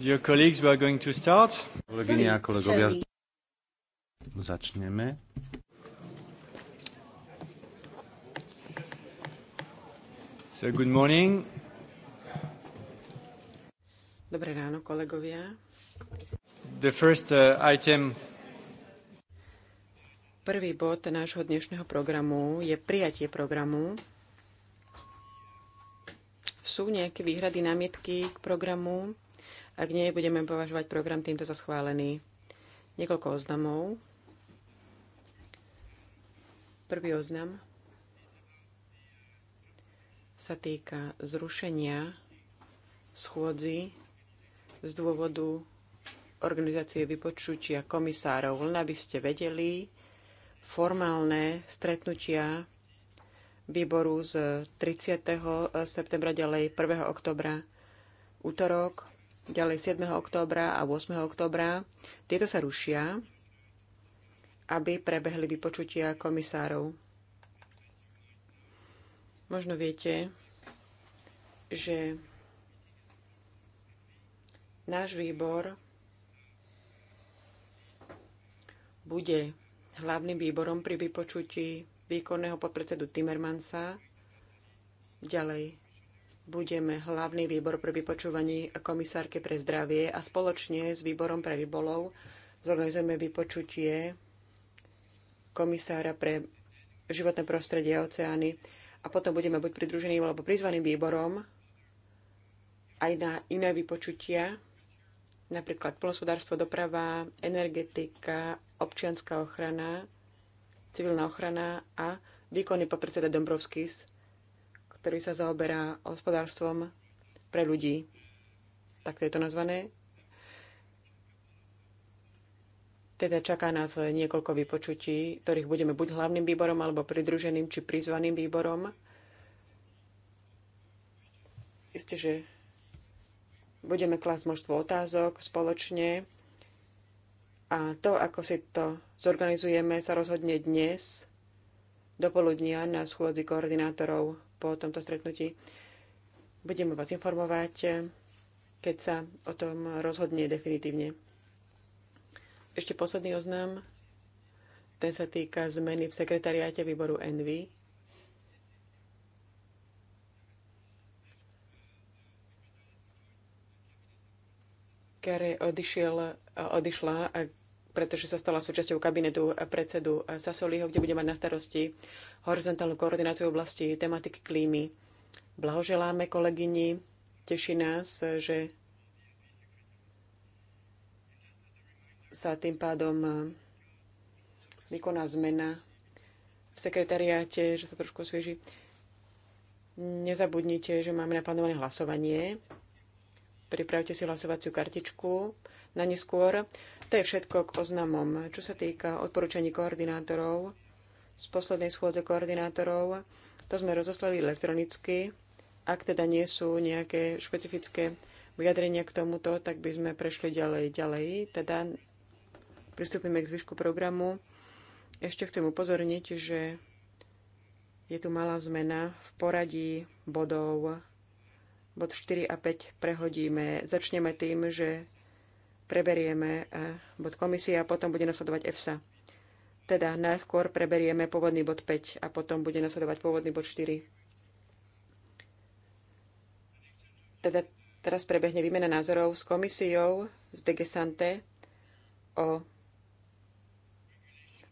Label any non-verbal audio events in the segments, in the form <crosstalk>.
Dear colleagues, we are going to start. Kolegyne a kolegovia, začneme. So, good morning. Dobré ráno, kolegovia. The first uh, item Prvý bod nášho dnešného programu je prijatie programu. Sú nejaké výhrady, námietky k programu? Ak nie, budeme považovať program týmto za schválený. Niekoľko oznamov. Prvý oznam sa týka zrušenia schôdzi z dôvodu organizácie vypočutia komisárov. Len aby ste vedeli, formálne stretnutia výboru z 30. septembra ďalej 1. oktobra útorok ďalej 7. októbra a 8. októbra. Tieto sa rušia, aby prebehli vypočutia komisárov. Možno viete, že náš výbor bude hlavným výborom pri vypočutí výkonného podpredsedu Timmermansa, ďalej budeme hlavný výbor pre vypočúvanie komisárke pre zdravie a spoločne s výborom pre rybolov zorganizujeme vypočutie komisára pre životné prostredie a oceány a potom budeme buď pridruženým alebo prizvaným výborom aj na iné vypočutia, napríklad plnospodárstvo, doprava, energetika, občianská ochrana, civilná ochrana a výkonný podpredseda Dombrovskis ktorý sa zaoberá hospodárstvom pre ľudí. Takto je to nazvané. Teda čaká nás niekoľko vypočutí, ktorých budeme buď hlavným výborom, alebo pridruženým, či prizvaným výborom. Isté, že budeme klásť množstvo otázok spoločne a to, ako si to zorganizujeme, sa rozhodne dnes dopoludnia na schôdzi koordinátorov po tomto stretnutí. Budeme vás informovať, keď sa o tom rozhodne definitívne. Ešte posledný oznam. Ten sa týka zmeny v sekretariáte výboru Envy. Kare odišiel, odišla pretože sa stala súčasťou kabinetu predsedu Sasoliho, kde bude mať na starosti horizontálnu koordináciu oblasti tematiky klímy. Blahoželáme kolegyni, teší nás, že sa tým pádom vykoná zmena v sekretariáte, že sa trošku osvieži. Nezabudnite, že máme naplánované hlasovanie. Pripravte si hlasovaciu kartičku na neskôr. To je všetko k oznamom. Čo sa týka odporúčaní koordinátorov, z poslednej schôdze koordinátorov, to sme rozoslali elektronicky. Ak teda nie sú nejaké špecifické vyjadrenia k tomuto, tak by sme prešli ďalej. Ďalej, teda pristúpime k zvyšku programu. Ešte chcem upozorniť, že je tu malá zmena v poradí bodov. Bod 4 a 5 prehodíme. Začneme tým, že preberieme eh, bod komisie a potom bude nasledovať EFSA. Teda najskôr preberieme pôvodný bod 5 a potom bude nasledovať pôvodný bod 4. Teda teraz prebehne výmena názorov s komisiou z Degesante o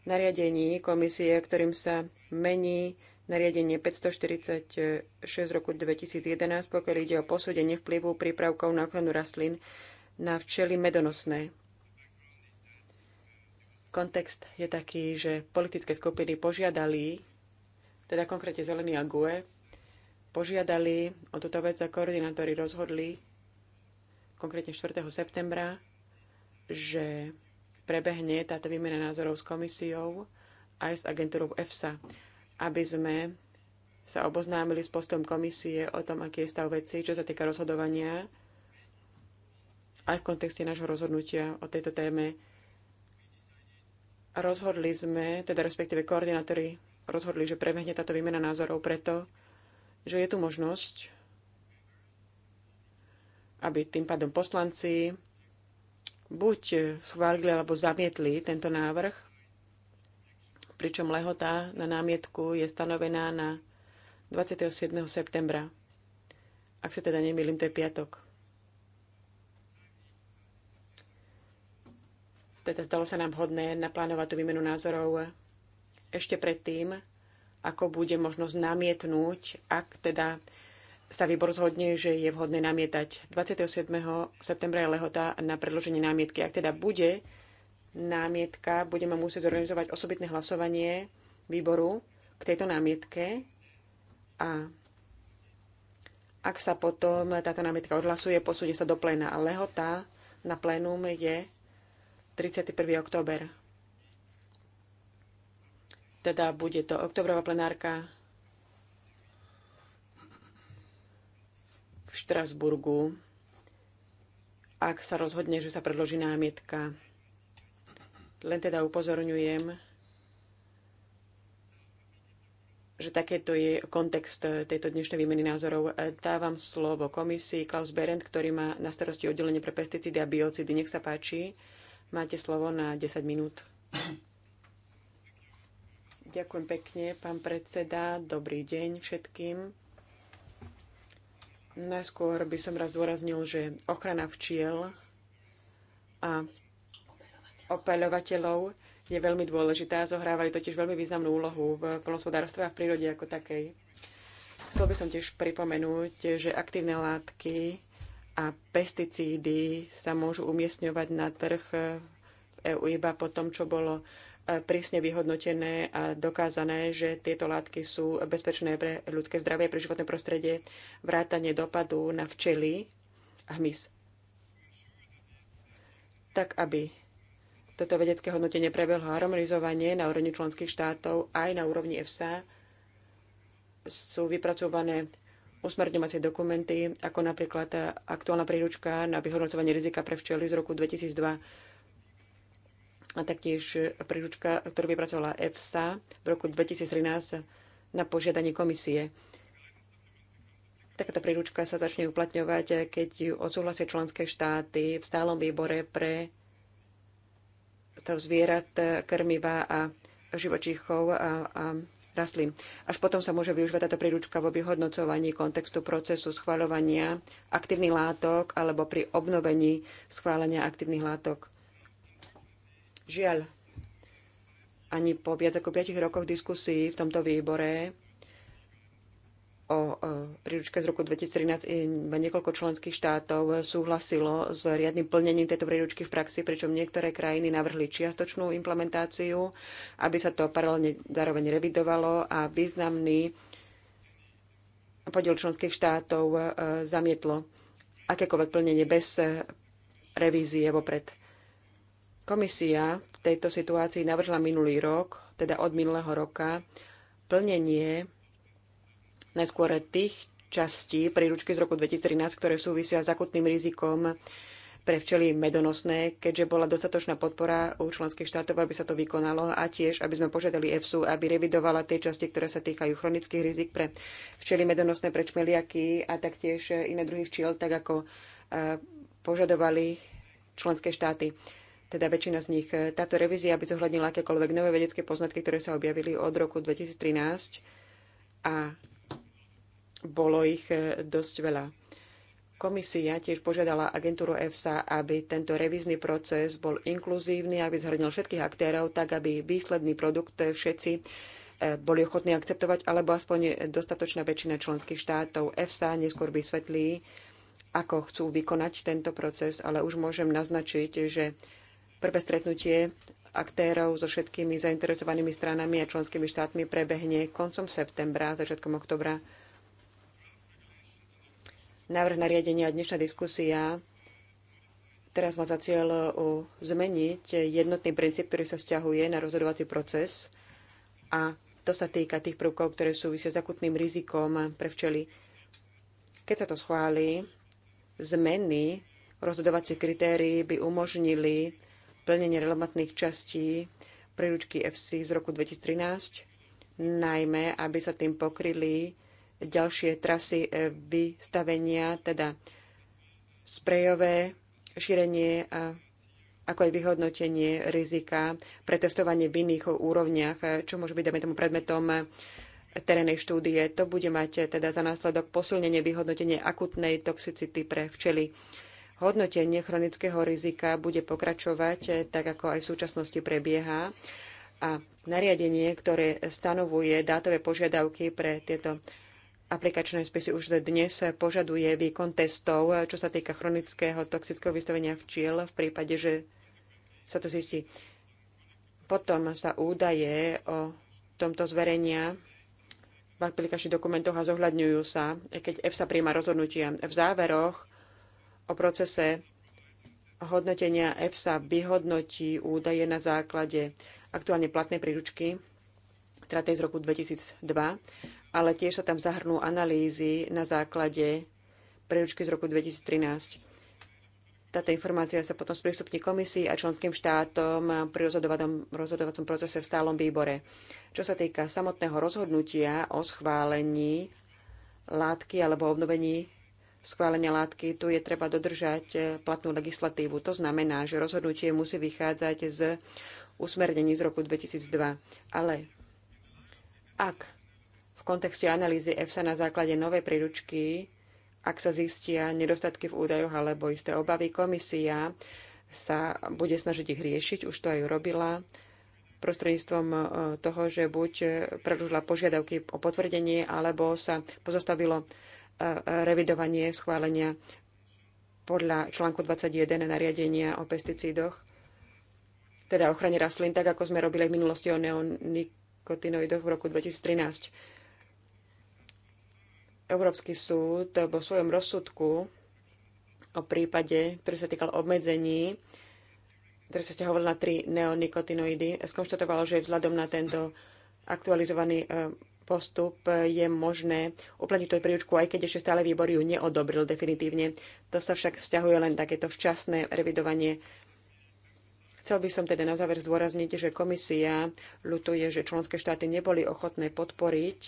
nariadení komisie, ktorým sa mení nariadenie 546 roku 2011, pokiaľ ide o posúdenie vplyvu prípravkov na ochranu rastlín na včely medonosné. Kontext je taký, že politické skupiny požiadali, teda konkrétne Zelený a GUE, požiadali o túto vec a koordinátori rozhodli konkrétne 4. septembra, že prebehne táto výmena názorov s komisiou aj s agentúrou EFSA, aby sme sa oboznámili s postom komisie o tom, aký je stav veci, čo sa týka rozhodovania aj v kontexte nášho rozhodnutia o tejto téme. Rozhodli sme, teda respektíve koordinátori rozhodli, že prebehne táto výmena názorov preto, že je tu možnosť, aby tým pádom poslanci buď schválili alebo zamietli tento návrh, pričom lehota na námietku je stanovená na 27. septembra. Ak sa teda nemýlim, to je piatok. Teda zdalo sa nám vhodné naplánovať tú výmenu názorov ešte predtým, ako bude možnosť namietnúť, ak teda sa výbor zhodne, že je vhodné namietať. 27. septembra je lehota na predloženie námietky. Ak teda bude námietka, budeme musieť zorganizovať osobitné hlasovanie výboru k tejto námietke a ak sa potom táto námietka odhlasuje, posúde sa do pléna. A lehota na plénum je 31. október. Teda bude to oktobrová plenárka v Štrasburgu, ak sa rozhodne, že sa predloží námietka. Len teda upozorňujem, že takéto je kontext tejto dnešnej výmeny názorov. Dávam slovo komisii Klaus Berend, ktorý má na starosti oddelenie pre pesticídy a biocidy. Nech sa páči. Máte slovo na 10 minút. Ďakujem pekne, pán predseda. Dobrý deň všetkým. Najskôr by som raz dôraznil, že ochrana včiel a opeľovateľov je veľmi dôležitá. Zohrávajú totiž veľmi významnú úlohu v polnospodárstve a v prírode ako takej. Chcel by som tiež pripomenúť, že aktívne látky a pesticídy sa môžu umiestňovať na trh v EU iba po tom, čo bolo e, prísne vyhodnotené a dokázané, že tieto látky sú bezpečné pre ľudské zdravie, pre životné prostredie, vrátanie dopadu na včely a hmyz. Tak, aby toto vedecké hodnotenie prebehlo harmonizovanie na úrovni členských štátov aj na úrovni EFSA, sú vypracované usmerňovacie dokumenty, ako napríklad eh, aktuálna príručka na vyhodnocovanie rizika pre včely z roku 2002 a taktiež eh, príručka, ktorú vypracovala EFSA v roku 2013 eh, na požiadanie komisie. Takáto príručka sa začne uplatňovať, keď ju odsúhlasia členské štáty v stálom výbore pre stav zvierat, krmiva a živočíchov a, a rastlín. Až potom sa môže využívať táto príručka vo vyhodnocovaní kontextu procesu schváľovania aktívnych látok alebo pri obnovení schválenia aktívnych látok. Žiaľ, ani po viac ako 5 rokoch diskusí v tomto výbore o príručke z roku 2013 iba niekoľko členských štátov súhlasilo s riadnym plnením tejto príručky v praxi, pričom niektoré krajiny navrhli čiastočnú implementáciu, aby sa to paralelne zároveň revidovalo a významný podiel členských štátov e, zamietlo akékoľvek plnenie bez revízie vopred. Komisia v tejto situácii navrhla minulý rok, teda od minulého roka, plnenie najskôr tých častí príručky z roku 2013, ktoré súvisia s akutným rizikom pre včely medonosné, keďže bola dostatočná podpora u členských štátov, aby sa to vykonalo a tiež, aby sme požiadali EFSU, aby revidovala tie časti, ktoré sa týkajú chronických rizik pre včely medonosné, pre čmeliaky a taktiež iné druhy včiel, tak ako e, požadovali členské štáty teda väčšina z nich. Táto revízia by zohľadnila akékoľvek nové vedecké poznatky, ktoré sa objavili od roku 2013 a bolo ich e, dosť veľa. Komisia tiež požiadala agentúru EFSA, aby tento revízny proces bol inkluzívny, aby zhrnil všetkých aktérov, tak aby výsledný produkt e, všetci e, boli ochotní akceptovať, alebo aspoň dostatočná väčšina členských štátov. EFSA neskôr vysvetlí, ako chcú vykonať tento proces, ale už môžem naznačiť, že prvé stretnutie aktérov so všetkými zainteresovanými stranami a členskými štátmi prebehne koncom septembra, začiatkom oktobra Návrh nariadenia a dnešná diskusia teraz má za cieľ uh, zmeniť jednotný princíp, ktorý sa vzťahuje na rozhodovací proces a to sa týka tých prvkov, ktoré súvisia s akutným rizikom pre včely. Keď sa to schváli, zmeny rozhodovacie kritérií by umožnili plnenie relevantných častí príručky FC z roku 2013, najmä aby sa tým pokryli ďalšie trasy e, vystavenia, teda sprejové šírenie a ako aj vyhodnotenie rizika, pre testovanie v iných úrovniach, e, čo môže byť, dajme tomu, predmetom e, terénej štúdie. To bude mať teda za následok posilnenie vyhodnotenie akutnej toxicity pre včely. Hodnotenie chronického rizika bude pokračovať tak, ako aj v súčasnosti prebieha a nariadenie, ktoré stanovuje dátové požiadavky pre tieto aplikačné spisy už dnes požaduje výkon testov, čo sa týka chronického toxického vystavenia včiel v prípade, že sa to zistí. Potom sa údaje o tomto zverenia v aplikačných dokumentoch a zohľadňujú sa, keď EFSA príjma rozhodnutia. V záveroch o procese hodnotenia EFSA vyhodnotí údaje na základe aktuálne platnej príručky, teda tej z roku 2002, ale tiež sa tam zahrnú analýzy na základe príručky z roku 2013. Táto informácia sa potom sprístupní komisii a členským štátom pri rozhodovacom procese v stálom výbore. Čo sa týka samotného rozhodnutia o schválení látky alebo obnovení schválenia látky, tu je treba dodržať eh, platnú legislatívu. To znamená, že rozhodnutie musí vychádzať z usmernení z roku 2002. Ale ak kontexte analýzy EFSA na základe novej príručky, ak sa zistia nedostatky v údajoch alebo isté obavy, komisia sa bude snažiť ich riešiť, už to aj urobila prostredníctvom e, toho, že buď predlžila požiadavky o potvrdenie, alebo sa pozastavilo e, revidovanie schválenia podľa článku 21 nariadenia o pesticídoch, teda ochrane rastlín, tak ako sme robili v minulosti o neonikotinoidoch v roku 2013. Európsky súd vo svojom rozsudku o prípade, ktorý sa týkal obmedzení, ktoré sa hovorili na tri neonikotinoidy, skonštatoval, že vzhľadom na tento aktualizovaný e, postup je možné uplatniť tú príručku, aj keď ešte stále výbor ju neodobril definitívne. To sa však vzťahuje len takéto včasné revidovanie Chcel by som teda na záver zdôrazniť, že komisia ľutuje, že členské štáty neboli ochotné podporiť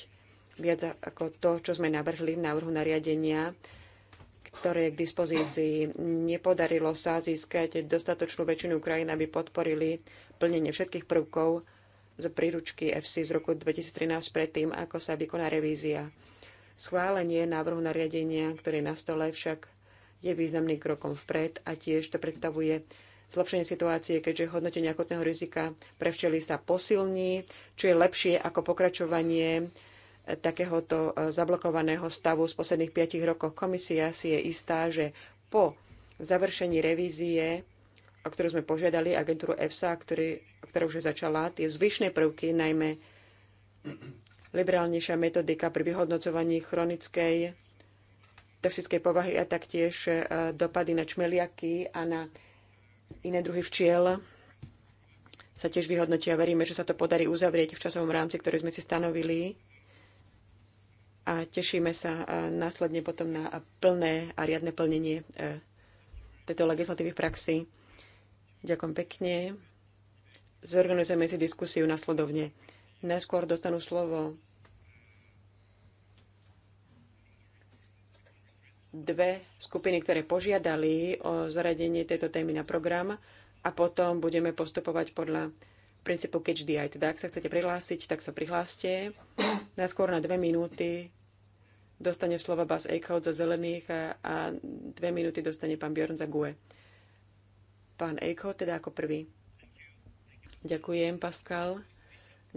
viac ako to, čo sme navrhli v návrhu nariadenia, ktoré je k dispozícii. Nepodarilo sa získať dostatočnú väčšinu krajín, aby podporili plnenie všetkých prvkov z príručky FC z roku 2013 predtým, ako sa vykoná revízia. Schválenie návrhu nariadenia, ktoré je na stole, však je významným krokom vpred a tiež to predstavuje zlepšenie situácie, keďže hodnotenie akutného rizika pre včely sa posilní, čo je lepšie ako pokračovanie takéhoto e, zablokovaného stavu z posledných 5 rokov. Komisia si je istá, že po završení revízie, o ktorú sme požiadali agentúru EFSA, ktorý, ktorá už začala, tie zvyšné prvky, najmä liberálnejšia metodika pri vyhodnocovaní chronickej toxickej povahy a taktiež e, dopady na čmeliaky a na iné druhy včiel sa tiež vyhodnotia. Veríme, že sa to podarí uzavrieť v časovom rámci, ktorý sme si stanovili a tešíme sa následne potom na plné a riadne plnenie e, tejto legislatívy v praxi. Ďakujem pekne. Zorganizujeme si diskusiu nasledovne. Najskôr dostanú slovo dve skupiny, ktoré požiadali o zaradenie tejto témy na program a potom budeme postupovať podľa princípu catch the eye. Teda ak sa chcete prihlásiť, tak sa prihláste. Najskôr na dve minúty dostane slova Bas Eichhout za zelených a, a dve minúty dostane pán Bjorn za GUE. Pán Eichhout teda ako prvý. Ďakujem, Pascal.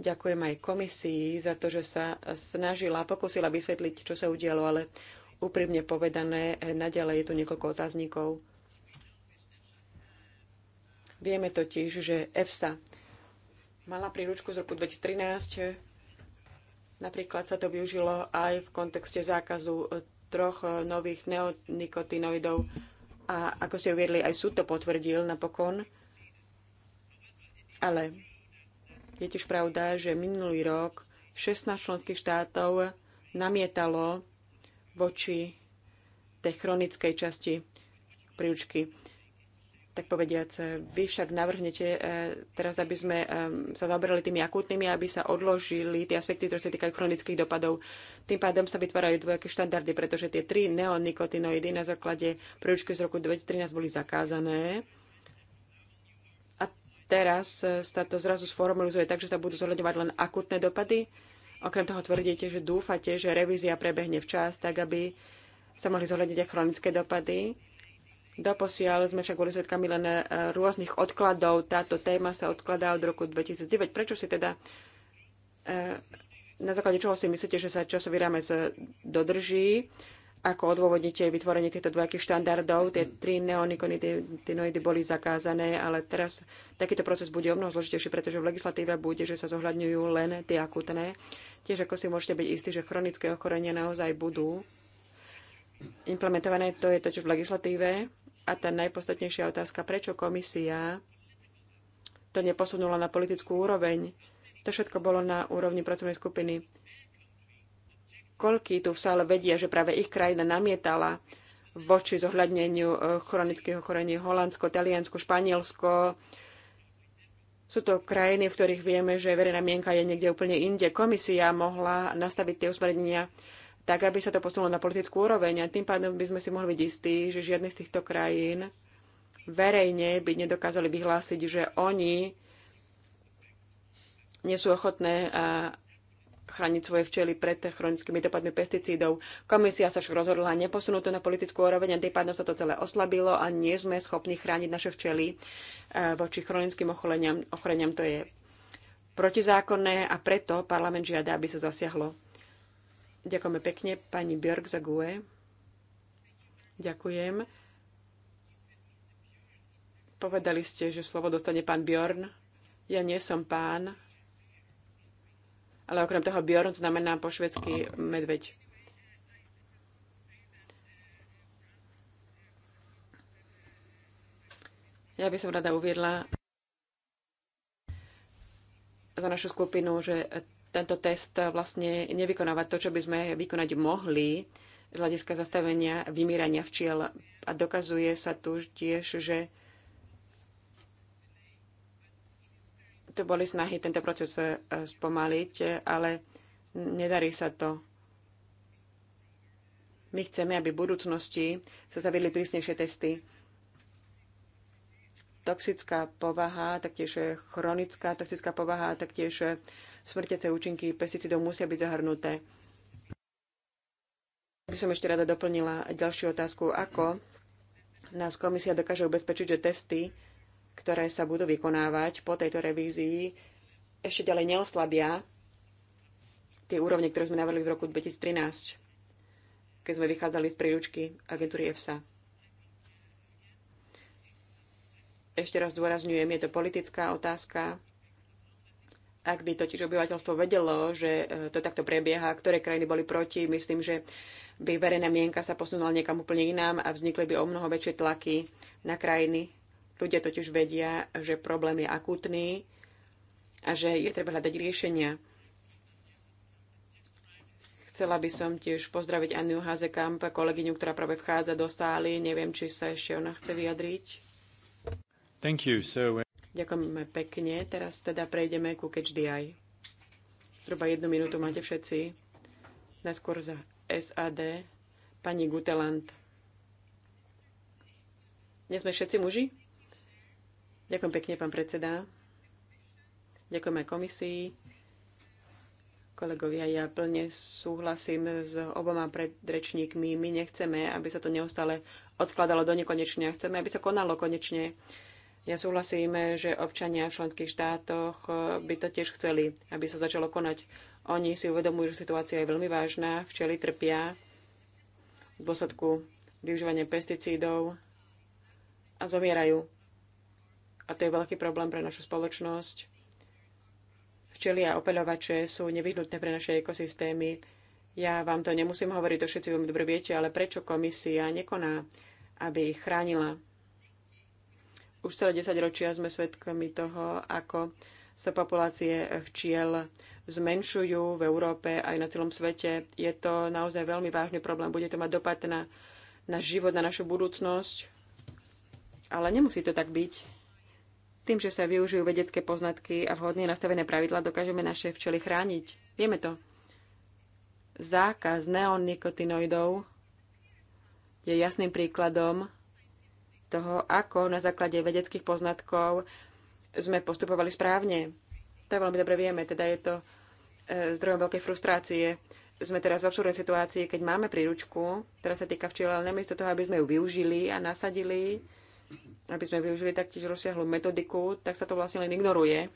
Ďakujem aj komisii za to, že sa snažila, pokusila vysvetliť, čo sa udialo, ale úprimne povedané, naďalej je tu niekoľko otáznikov. Vieme totiž, že EFSA mala príručku z roku 2013. Napríklad sa to využilo aj v kontexte zákazu e, troch e, nových neonikotinoidov a ako ste uviedli, aj súd to potvrdil napokon. Ale je tiež pravda, že minulý rok 16 členských štátov namietalo voči tej chronickej časti príručky tak povediac. E, vy však navrhnete e, teraz, aby sme e, sa zaoberali tými akútnymi, aby sa odložili tie aspekty, ktoré sa týkajú chronických dopadov. Tým pádom sa vytvárajú dvojaké štandardy, pretože tie tri neonikotinoidy na základe prvičky z roku 2013 boli zakázané. A teraz sa to zrazu sformalizuje tak, že sa budú zohľadňovať len akutné dopady. Okrem toho tvrdíte, že dúfate, že revízia prebehne včas, tak aby sa mohli zohľadniť aj chronické dopady Doposiaľ sme však boli svetkami len eh, rôznych odkladov. Táto téma sa odkladá od roku 2009. Prečo si teda eh, na základe čoho si myslíte, že sa časový rámec eh, dodrží? Ako odôvodnite vytvorenie týchto dvojakých štandardov? Tie tri neonikotinoidy boli zakázané, ale teraz takýto proces bude o mnoho zložitejší, pretože v legislatíve bude, že sa zohľadňujú len tie akutné. Tiež ako si môžete byť istí, že chronické ochorenia naozaj budú implementované, to je totiž v legislatíve a tá najpodstatnejšia otázka, prečo komisia to neposunula na politickú úroveň? To všetko bolo na úrovni pracovnej skupiny. Koľký tu v sále vedia, že práve ich krajina namietala voči zohľadneniu e, chronického ochorení Holandsko, Taliansko, Španielsko. Sú to krajiny, v ktorých vieme, že verejná mienka je niekde úplne inde. Komisia mohla nastaviť tie usmernenia tak aby sa to posunulo na politickú úroveň a tým pádom by sme si mohli byť istí, že žiadne z týchto krajín verejne by nedokázali vyhlásiť, že oni nie sú ochotné chrániť svoje včely pred chronickými dopadmi pesticídov. Komisia sa však rozhodla neposunúť to na politickú úroveň a tým pádom sa to celé oslabilo a nie sme schopní chrániť naše včely voči chronickým ochoreniam. To je protizákonné a preto parlament žiada, aby sa zasiahlo. Ďakujeme pekne pani Björk za GUE. Ďakujem. Povedali ste, že slovo dostane pán Bjorn. Ja nie som pán, ale okrem toho Bjorn znamená po švedsky medveď. Ja by som rada uviedla za našu skupinu, že tento test vlastne nevykonávať to, čo by sme vykonať mohli z hľadiska zastavenia vymírania včiel. A dokazuje sa tu tiež, že to boli snahy tento proces e, spomaliť, ale nedarí sa to. My chceme, aby v budúcnosti sa zavili prísnejšie testy. Toxická povaha, taktiež chronická toxická povaha, taktiež smrtece účinky pesticidov musia byť zahrnuté. By som ešte rada doplnila ďalšiu otázku, ako nás komisia dokáže ubezpečiť, že testy, ktoré sa budú vykonávať po tejto revízii, ešte ďalej neoslabia tie úrovne, ktoré sme navrhli v roku 2013, keď sme vychádzali z príručky agentúry EFSA. Ešte raz dôrazňujem, je to politická otázka, ak by totiž obyvateľstvo vedelo, že e, to takto prebieha, ktoré krajiny boli proti, myslím, že by verejná mienka sa posunula niekam úplne inám a vznikli by o mnoho väčšie tlaky na krajiny. Ľudia totiž vedia, že problém je akútny a že je treba hľadať riešenia. Chcela by som tiež pozdraviť Anniu Hazekamp, kolegyňu, ktorá práve vchádza do sály. Neviem, či sa ešte ona chce vyjadriť. Thank you. So... Ďakujeme pekne. Teraz teda prejdeme ku Catch Eye. Zhruba jednu minútu máte všetci. Najskôr za SAD. Pani Guteland. Dnes sme všetci muži? Ďakujem pekne, pán predseda. Ďakujem aj komisii. Kolegovia, ja plne súhlasím s oboma predrečníkmi. My nechceme, aby sa to neustále odkladalo do nekonečne. Chceme, aby sa konalo konečne. Ja súhlasím, že občania v členských štátoch eh, by to tiež chceli, aby sa začalo konať. Oni si uvedomujú, že situácia je veľmi vážna, včely trpia v dôsledku využívania pesticídov a zomierajú. A to je veľký problém pre našu spoločnosť. Včely a opeľovače sú nevyhnutné pre naše ekosystémy. Ja vám to nemusím hovoriť, to všetci veľmi dobre viete, ale prečo komisia nekoná, aby ich chránila? Už celé 10 ročia sme svedkami toho, ako sa populácie včiel zmenšujú v Európe aj na celom svete. Je to naozaj veľmi vážny problém. Bude to mať dopad na na život, na našu budúcnosť. Ale nemusí to tak byť. Tým, že sa využijú vedecké poznatky a vhodne nastavené pravidla, dokážeme naše včely chrániť. Vieme to. Zákaz neonikotinoidov je jasným príkladom toho, ako na základe vedeckých poznatkov sme postupovali správne. To veľmi dobre vieme, teda je to e, zdrojom veľkej frustrácie. Sme teraz v absurdnej situácii, keď máme príručku, ktorá sa týka včiel, ale namiesto toho, aby sme ju využili a nasadili, aby sme využili taktiež rozsiahlu metodiku, tak sa to vlastne len ignoruje.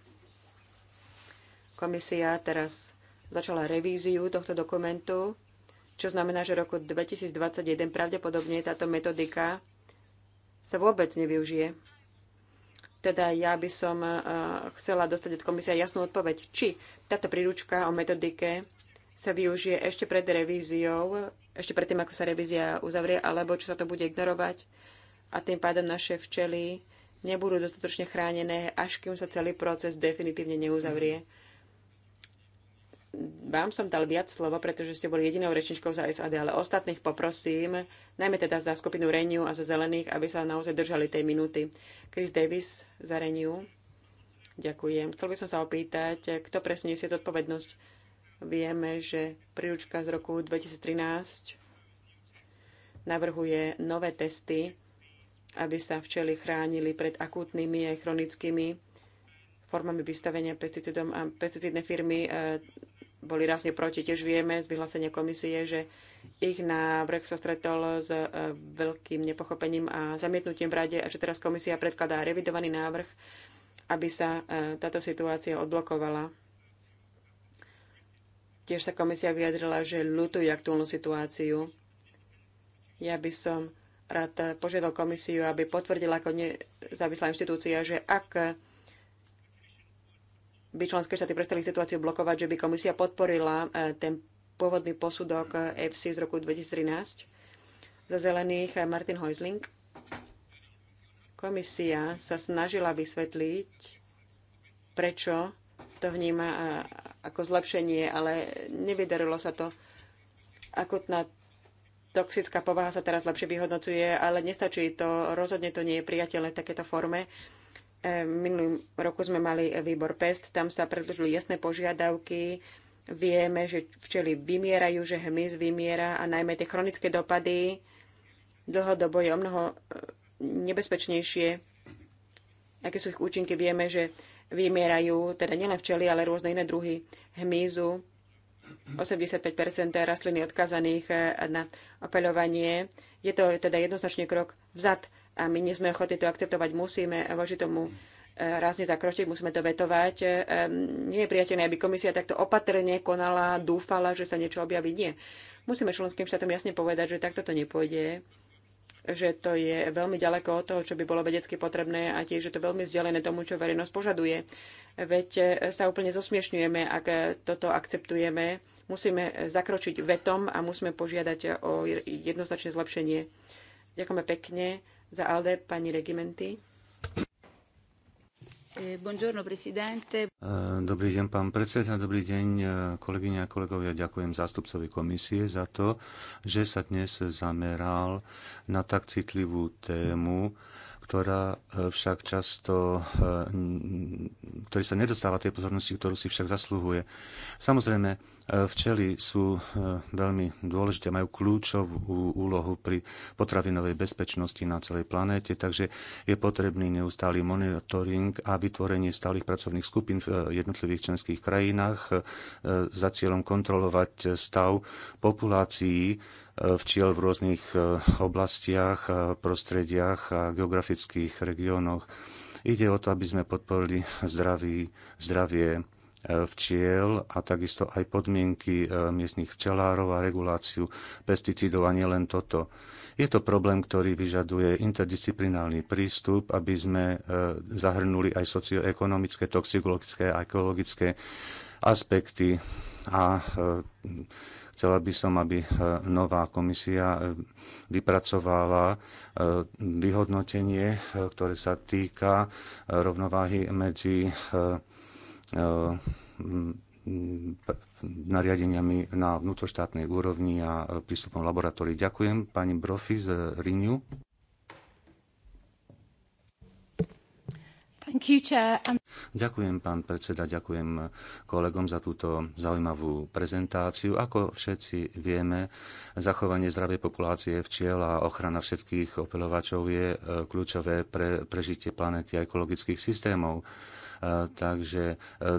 Komisia teraz začala revíziu tohto dokumentu, čo znamená, že roku 2021 pravdepodobne táto metodika sa vôbec nevyužije. Teda ja by som eh, chcela dostať od komisia jasnú odpoveď, či táto príručka o metodike sa využije ešte pred revíziou, ešte pred tým, ako sa revízia uzavrie, alebo či sa to bude ignorovať a tým pádom naše včely nebudú dostatočne chránené, až kým sa celý proces definitívne neuzavrie. Mm vám som dal viac slovo, pretože ste boli jedinou rečničkou za SAD, ale ostatných poprosím, najmä teda za skupinu Renew a za Zelených, aby sa naozaj držali tej minúty. Chris Davis za Renew. Ďakujem. Chcel by som sa opýtať, kto presne si zodpovednosť. Vieme, že príručka z roku 2013 navrhuje nové testy, aby sa včely chránili pred akútnymi aj chronickými formami vystavenia pesticidom a pesticidné firmy e, boli rasne proti. Tiež vieme z vyhlásenia komisie, že ich návrh sa stretol s e, veľkým nepochopením a zamietnutím v rade a že teraz komisia predkladá revidovaný návrh, aby sa e, táto situácia odblokovala. Tiež sa komisia vyjadrila, že ľutuje aktuálnu situáciu. Ja by som rád požiadal komisiu, aby potvrdila ako nezávislá inštitúcia, že ak by členské štáty prestali situáciu blokovať, že by komisia podporila e, ten pôvodný posudok e, FC z roku 2013 za zelených e, Martin Heusling. Komisia sa snažila vysvetliť, prečo to vníma ako zlepšenie, ale nevydarilo sa to. Akutná toxická povaha sa teraz lepšie vyhodnocuje, ale nestačí to, rozhodne to nie je priateľné v takéto forme E, Minulý roku sme mali výbor PEST, tam sa predložili jasné požiadavky. Vieme, že včely vymierajú, že hmyz vymiera a najmä tie chronické dopady dlhodobo je o mnoho e, nebezpečnejšie. Aké sú ich účinky? Vieme, že vymierajú teda nielen včely, ale rôzne iné druhy hmyzu. 85 rastliny odkazaných e, na opeľovanie. Je to teda jednoznačný krok vzad a my nie sme ochotní to akceptovať. Musíme voči tomu e, rázne zakročiť, musíme to vetovať. E, nie je priateľné, aby komisia takto opatrne konala, dúfala, že sa niečo objaví. Nie. Musíme členským štátom jasne povedať, že takto to nepôjde že to je veľmi ďaleko od toho, čo by bolo vedecky potrebné a tiež je to veľmi vzdialené tomu, čo verejnosť požaduje. Veď e, sa úplne zosmiešňujeme, ak toto akceptujeme. Musíme zakročiť vetom a musíme požiadať o jednoznačné zlepšenie. Ďakujeme pekne. Za ALDE pani Regimenty. Eh, eh, dobrý deň, pán predseda, dobrý deň, eh, kolegyne a kolegovia. Ďakujem zástupcovi komisie za to, že sa dnes zameral na tak citlivú tému, ktorá však často, ktorý sa nedostáva tej pozornosti, ktorú si však zasluhuje. Samozrejme, E, včely sú e, veľmi dôležité, majú kľúčovú úlohu pri potravinovej bezpečnosti na celej planéte, takže je potrebný neustály monitoring a vytvorenie stálych pracovných skupín v e, jednotlivých členských krajinách za cieľom kontrolovať stav populácií včiel v rôznych oblastiach, prostrediach a geografických regiónoch. Ide o to, aby sme podporili zdraví, zdravie E, včiel a takisto aj podmienky e, miestnych včelárov a reguláciu pesticídov a nielen toto. Je to problém, ktorý vyžaduje interdisciplinárny prístup, aby sme e, zahrnuli aj socioekonomické, toxikologické a ekologické aspekty. A chcela by som, aby nová komisia vypracovala vyhodnotenie, ktoré sa týka rovnováhy medzi E, nariadeniami na vnútroštátnej úrovni a e, prístupom laboratórií. Ďakujem pani Brofi z e, Riniu. You, um, ďakujem, pán predseda, ďakujem kolegom za túto zaujímavú prezentáciu. Ako všetci vieme, zachovanie zdravej populácie včiel a ochrana všetkých opelovačov je kľúčové pre prežitie planety a ekologických systémov takže e,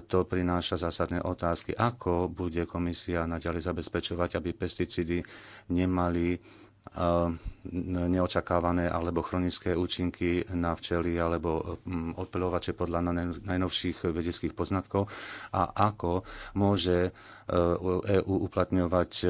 to prináša zásadné otázky, ako bude komisia naďalej zabezpečovať, aby pesticídy nemali Ehm, neočakávané alebo chronické účinky na včely alebo mm, odpeľovače podľa najnovších vedeckých poznatkov a ako môže EÚ e uplatňovať e,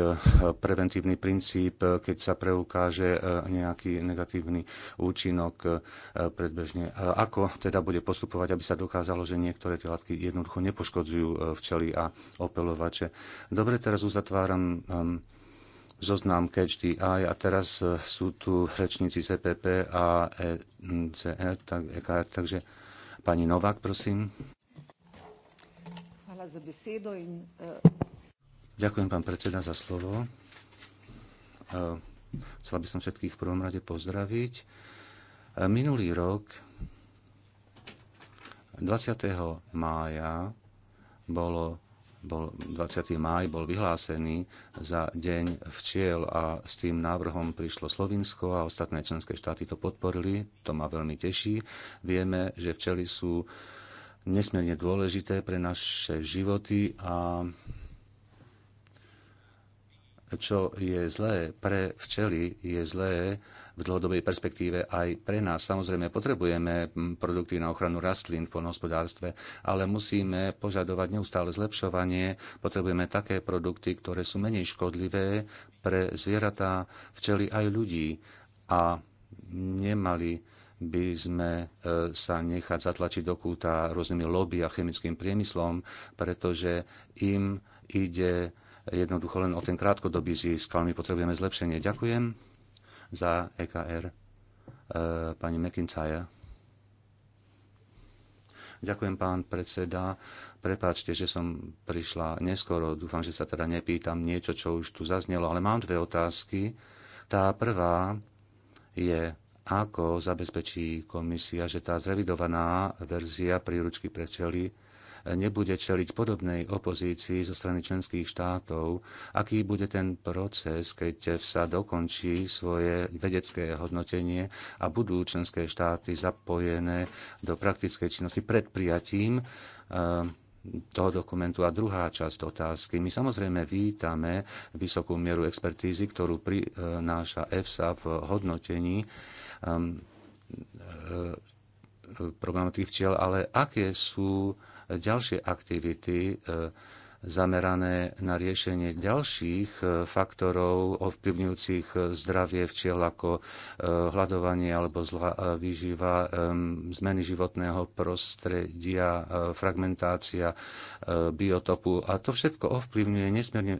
preventívny princíp, keď sa preukáže e, nejaký negatívny účinok predbežne. Ako teda bude postupovať, aby sa dokázalo, že niektoré tie látky jednoducho nepoškodzujú včely a opelovače. Dobre, teraz uzatváram ehm, zoznam Catch a teraz e, sú tu rečníci CPP a ECR, tak, EKR, takže pani Novák, prosím. Hvala za besedo in... E, Ďakujem, pán predseda, za slovo. E, chcela by som všetkých v prvom rade pozdraviť. Minulý rok 20. mája bolo bol 20. máj bol vyhlásený za deň včiel a s tým návrhom prišlo Slovinsko a ostatné členské štáty to podporili. To ma veľmi teší. Vieme, že včely sú nesmierne dôležité pre naše životy a čo je zlé pre včely, je zlé v dlhodobej perspektíve aj pre nás. Samozrejme, potrebujeme mm, produkty na ochranu rastlín v poľnohospodárstve, ale musíme požadovať neustále zlepšovanie. Potrebujeme také produkty, ktoré sú menej škodlivé pre zvieratá, včely aj ľudí. A nemali by sme e, sa nechať zatlačiť do kúta rôznymi lobby a chemickým priemyslom, pretože im ide jednoducho len o ten krátkodobý zisk, ale my potrebujeme zlepšenie. Ďakujem za EKR e, pani McIntyre. Ďakujem, pán predseda. Prepáčte, že som prišla neskoro. Dúfam, že sa teda nepýtam niečo, čo už tu zaznelo, ale mám dve otázky. Tá prvá je, ako zabezpečí komisia, že tá zrevidovaná verzia príručky pre čeli nebude čeliť podobnej opozícii zo strany členských štátov, aký bude ten proces, keď sa dokončí svoje vedecké hodnotenie a budú členské štáty zapojené do praktickej činnosti pred prijatím eh, toho dokumentu. A druhá časť otázky. My samozrejme vítame vysokú mieru expertízy, ktorú prináša EFSA v hodnotení ehm, eh, problematiky včiel, ale aké sú ďalšie aktivity e, zamerané na riešenie ďalších e, faktorov ovplyvňujúcich zdravie včiel ako e, hľadovanie alebo zlá výživa, zmeny životného prostredia, fragmentácia biotopu. A to všetko ovplyvňuje nesmierne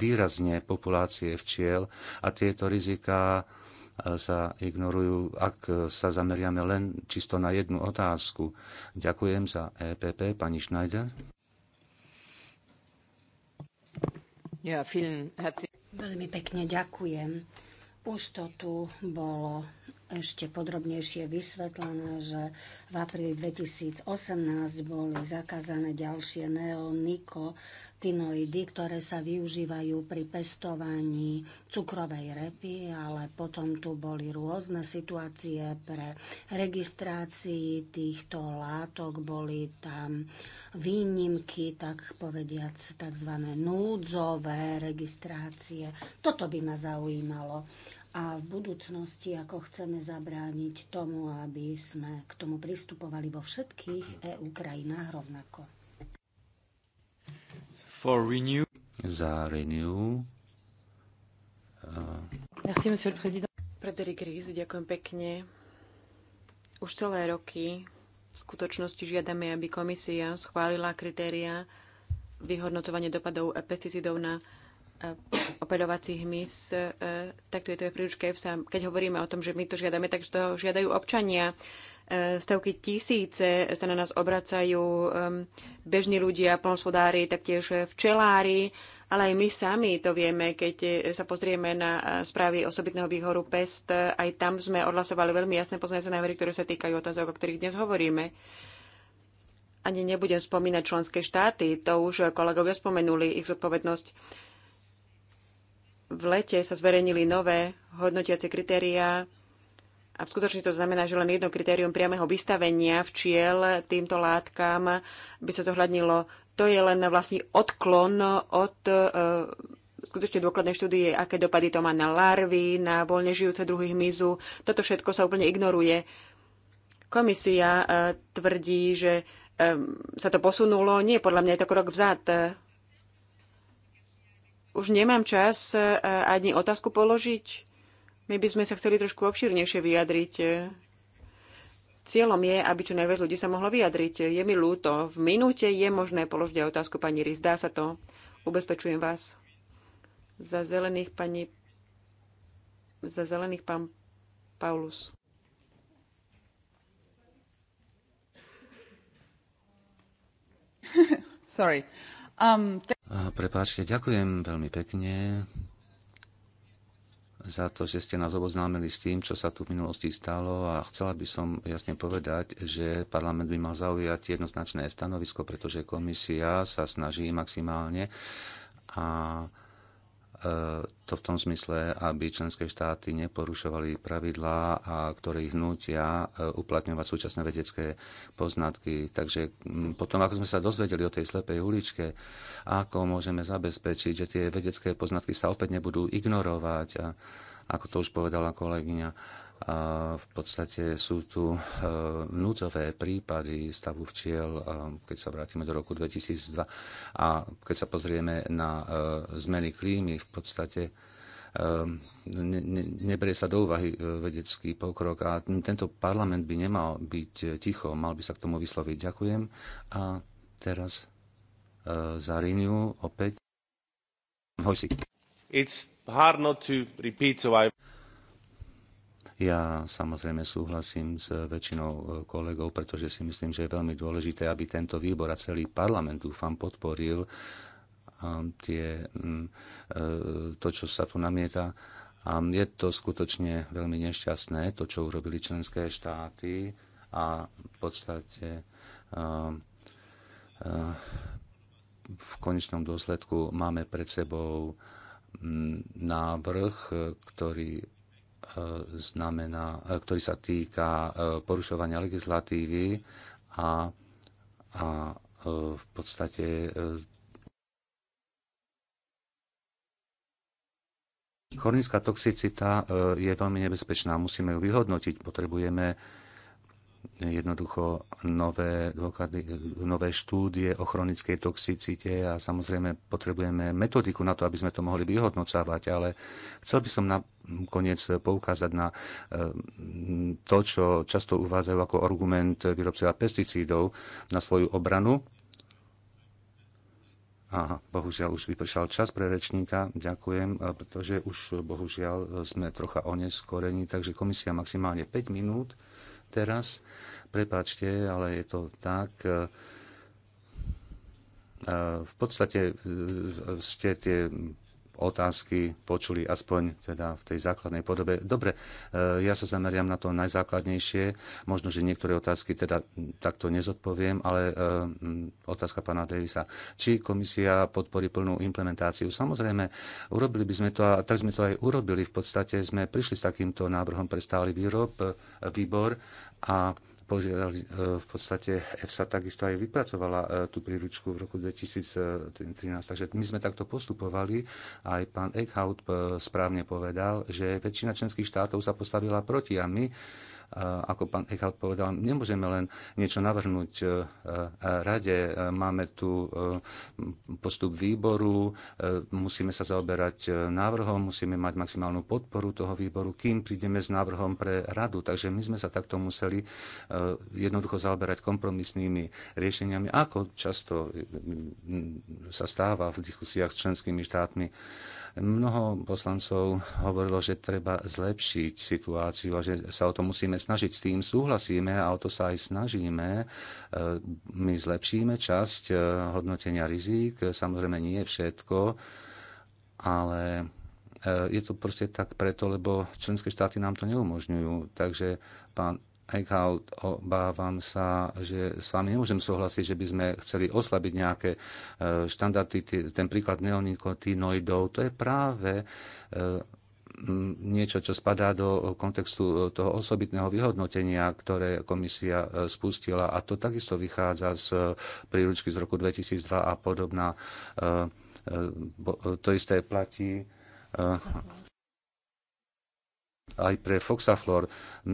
výrazne populácie včiel a tieto riziká sa ignorujú, ak sa zameriame len čisto na jednu otázku. Ďakujem za EPP, pani Schneider. Ja, vielen Veľmi pekne ďakujem. Už to tu bolo ešte podrobnejšie vysvetlené, že v apríli 2018 boli zakázané ďalšie neonikotinoidy, ktoré sa využívajú pri pestovaní cukrovej repy, ale potom tu boli rôzne situácie pre registrácii týchto látok, boli tam výnimky, tak povediac, tzv. núdzové registrácie. Toto by ma zaujímalo a v budúcnosti, ako chceme zabrániť tomu, aby sme k tomu pristupovali vo všetkých EU krajinách rovnako. For renew. Za Renew. Uh... Merci, monsieur le président. Frederik Ries, ďakujem pekne. Už celé roky v skutočnosti žiadame, aby komisia schválila kritéria vyhodnotovanie dopadov pesticidov na opeľovacích mys, e, takto je to aj v príručke EFSA. Keď hovoríme o tom, že my to žiadame, tak to žiadajú občania. E, stovky tisíce sa na nás obracajú bežní ľudia, plnospodári, taktiež včelári, ale aj my sami to vieme, keď e, sa pozrieme na správy osobitného výhoru PEST. Aj tam sme odhlasovali veľmi jasné sa návrhy, ktoré sa týkajú otázok, o ktorých dnes hovoríme ani nebudem spomínať členské štáty, to už kolegovia spomenuli ich zodpovednosť v lete sa zverejnili nové hodnotiace kritériá a v skutočne to znamená, že len jedno kritérium priameho vystavenia včiel týmto látkam by sa zohľadnilo. To je len vlastný odklon od e, skutočne dôkladnej štúdie, aké dopady to má na larvy, na voľne žijúce druhy hmyzu. Toto všetko sa úplne ignoruje. Komisia e, tvrdí, že e, sa to posunulo. Nie, podľa mňa je to krok vzad už nemám čas e, ani otázku položiť. My by sme sa chceli trošku obšírnejšie vyjadriť. Cieľom je, aby čo najviac ľudí sa mohlo vyjadriť. Je mi ľúto. V minúte je možné položiť aj otázku pani Rís. Dá sa to. Ubezpečujem vás. Za zelených pani... Za zelených pán Paulus. <laughs> Sorry. Um, Prepáčte, ďakujem veľmi pekne za to, že ste nás oboznámili s tým, čo sa tu v minulosti stalo a chcela by som jasne povedať, že parlament by mal zaujať jednoznačné stanovisko, pretože komisia sa snaží maximálne a to v tom zmysle, aby členské štáty neporušovali pravidlá, a ktoré ich nutia e, uplatňovať súčasné vedecké poznatky. Takže potom, ako sme sa dozvedeli o tej slepej uličke, ako môžeme zabezpečiť, že tie vedecké poznatky sa opäť nebudú ignorovať, a ako to už povedala kolegyňa, a v podstate sú tu e, núdzové prípady stavu včiel, e, keď sa vrátime do roku 2002 a keď sa pozrieme na e, zmeny klímy, v podstate neberie sa do úvahy vedecký pokrok a tento parlament by nemal byť ticho, mal by sa k tomu vysloviť. Ďakujem. A teraz za Riniu opäť. si. It's hard not to repeat, so I... Ja samozrejme súhlasím s väčšinou e, kolegov, pretože si myslím, že je veľmi dôležité, aby tento výbor a celý parlament, dúfam, podporil e, tie, e, to, čo sa tu namieta. A je to skutočne veľmi nešťastné, to, čo urobili členské štáty a v podstate v konečnom dôsledku máme pred sebou návrh, ktorý E, znamená, e, ktorý sa týka e, porušovania legislatívy a, a v podstate chronická toxicita je veľmi nebezpečná. Musíme ju vyhodnotiť, potrebujeme jednoducho nové, dôkady, nové štúdie o chronickej toxicite a samozrejme potrebujeme metodiku na to, aby sme to mohli vyhodnocovať, ale chcel by som nakoniec poukázať na eh, to, čo často uvádzajú ako argument výrobcovia pesticídov na svoju obranu. Aha, bohužiaľ už vypršal čas pre rečníka, ďakujem, eh, pretože už bohužiaľ eh, sme trocha oneskorení, takže komisia maximálne 5 minút teraz. Prepačte, ale je to tak. E, e, v podstate e, ste tie otázky počuli aspoň teda v tej základnej podobe. Dobre, e, ja sa zameriam na to najzákladnejšie. Možno, že niektoré otázky teda takto nezodpoviem, ale e, otázka pána Davisa. Či komisia podporí plnú implementáciu? Samozrejme, urobili by sme to a tak sme to aj urobili. V podstate sme prišli s takýmto návrhom pre stály výrob, e, výbor a požiadali e, v podstate EFSA takisto aj vypracovala e, tú príručku v roku 2013, takže my sme takto postupovali aj pán Eckhout e, správne povedal, že väčšina členských štátov sa postavila proti a my ako pán Eichhout povedal, nemôžeme len niečo navrhnúť e, e, rade. E, máme tu postup výboru, musíme sa zaoberať návrhom, musíme mať maximálnu podporu toho výboru, kým prídeme s návrhom pre radu. Takže my sme sa takto museli jednoducho zaoberať kompromisnými riešeniami, ako často sa stáva v diskusiách s členskými štátmi. Mnoho poslancov hovorilo, že treba zlepšiť situáciu a že sa o to musíme snažiť. S tým súhlasíme a o to sa aj snažíme. E, my zlepšíme časť e, hodnotenia rizík, samozrejme nie všetko, ale e, je to proste tak preto, lebo členské štáty nám to neumožňujú. Takže pán Eichhout, obávam sa, že s vami nemôžem súhlasiť, že by sme chceli oslabiť nejaké e, štandardy. Ten príklad neonikotinoidov, to je práve e, niečo, čo spadá do kontextu e, toho osobitného vyhodnotenia, ktoré komisia spustila a to takisto vychádza z príručky z roku 2002 a podobná. To isté platí aj pre Foxaflor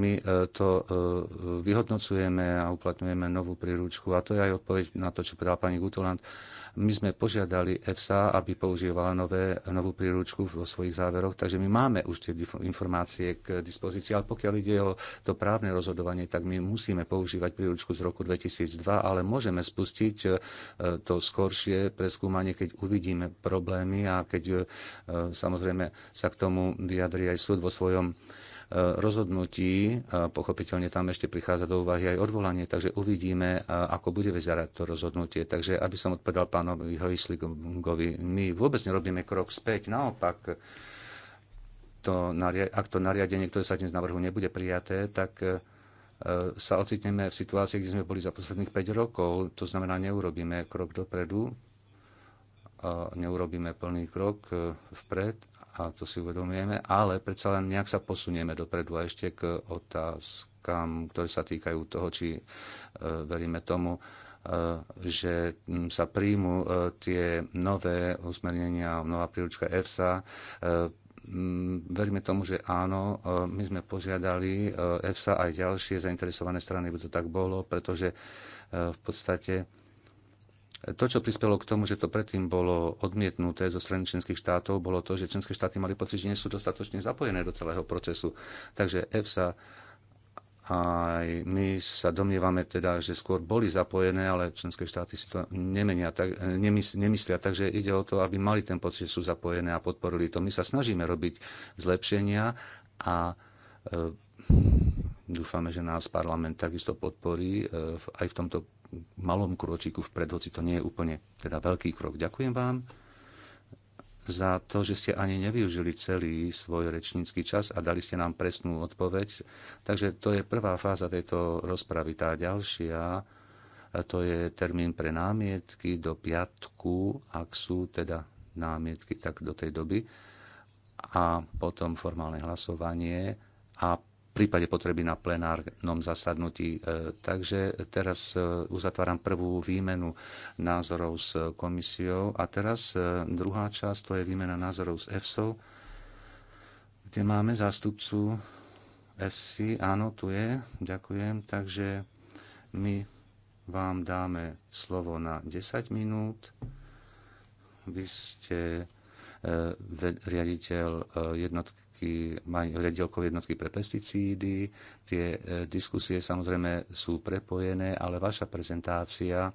my e, to e, vyhodnocujeme a uplatňujeme novú príručku. A to je aj odpoveď na to, čo povedala pani Gutoland my sme požiadali EFSA, aby používala nové, novú príručku vo svojich záveroch, takže my máme už tie informácie k dispozícii, ale pokiaľ ide o to právne rozhodovanie, tak my musíme používať príručku z roku 2002, ale môžeme spustiť e, to skoršie preskúmanie, keď uvidíme problémy a keď e, samozrejme sa k tomu vyjadri aj súd vo svojom rozhodnutí. Pochopiteľne tam ešte prichádza do úvahy aj odvolanie, takže uvidíme, ako bude vyzerať to rozhodnutie. Takže aby som odpovedal pánovi Hojsligovi, my vôbec nerobíme krok späť, naopak, to, ak to nariadenie, ktoré sa dnes navrhu, nebude prijaté, tak e, sa ocitneme v situácii, kde sme boli za posledných 5 rokov. To znamená, neurobíme krok dopredu, neurobíme plný krok e, vpred a to si uvedomujeme, ale predsa len nejak sa posunieme dopredu a ešte k otázkam, ktoré sa týkajú toho, či e, veríme tomu, e, že sa príjmu e, tie nové usmernenia, nová príručka EFSA. Veríme tomu, že áno, my sme požiadali EFSA aj ďalšie zainteresované strany, by to tak bolo, pretože v podstate to, čo prispelo k tomu, že to predtým bolo odmietnuté zo strany členských štátov, bolo to, že členské štáty mali pocit, že nie sú dostatočne zapojené do celého procesu. Takže EFSA aj my sa domnievame teda, že skôr boli zapojené, ale členské štáty si to nemenia, tak, nemys, nemyslia. Takže ide o to, aby mali ten pocit, že sú zapojené a podporili to. My sa snažíme robiť zlepšenia a e, dúfame, že nás parlament takisto podporí e, aj v tomto malom kročíku vpred, hoci to nie je úplne teda veľký krok. Ďakujem vám za to, že ste ani nevyužili celý svoj rečnícky čas a dali ste nám presnú odpoveď. Takže to je prvá fáza tejto rozpravy. Tá ďalšia, to je termín pre námietky do piatku, ak sú teda námietky, tak do tej doby. A potom formálne hlasovanie a prípade potreby na plenárnom zasadnutí. E, takže teraz e, uzatváram prvú výmenu názorov s komisiou a teraz e, druhá časť, to je výmena názorov s EFSO, kde máme zástupcu FC, áno, tu je, ďakujem, takže my vám dáme slovo na 10 minút. Vy ste riaditeľ jednotky jednotky, redielkové jednotky pre pesticídy. Tie e, diskusie samozrejme sú prepojené, ale vaša prezentácia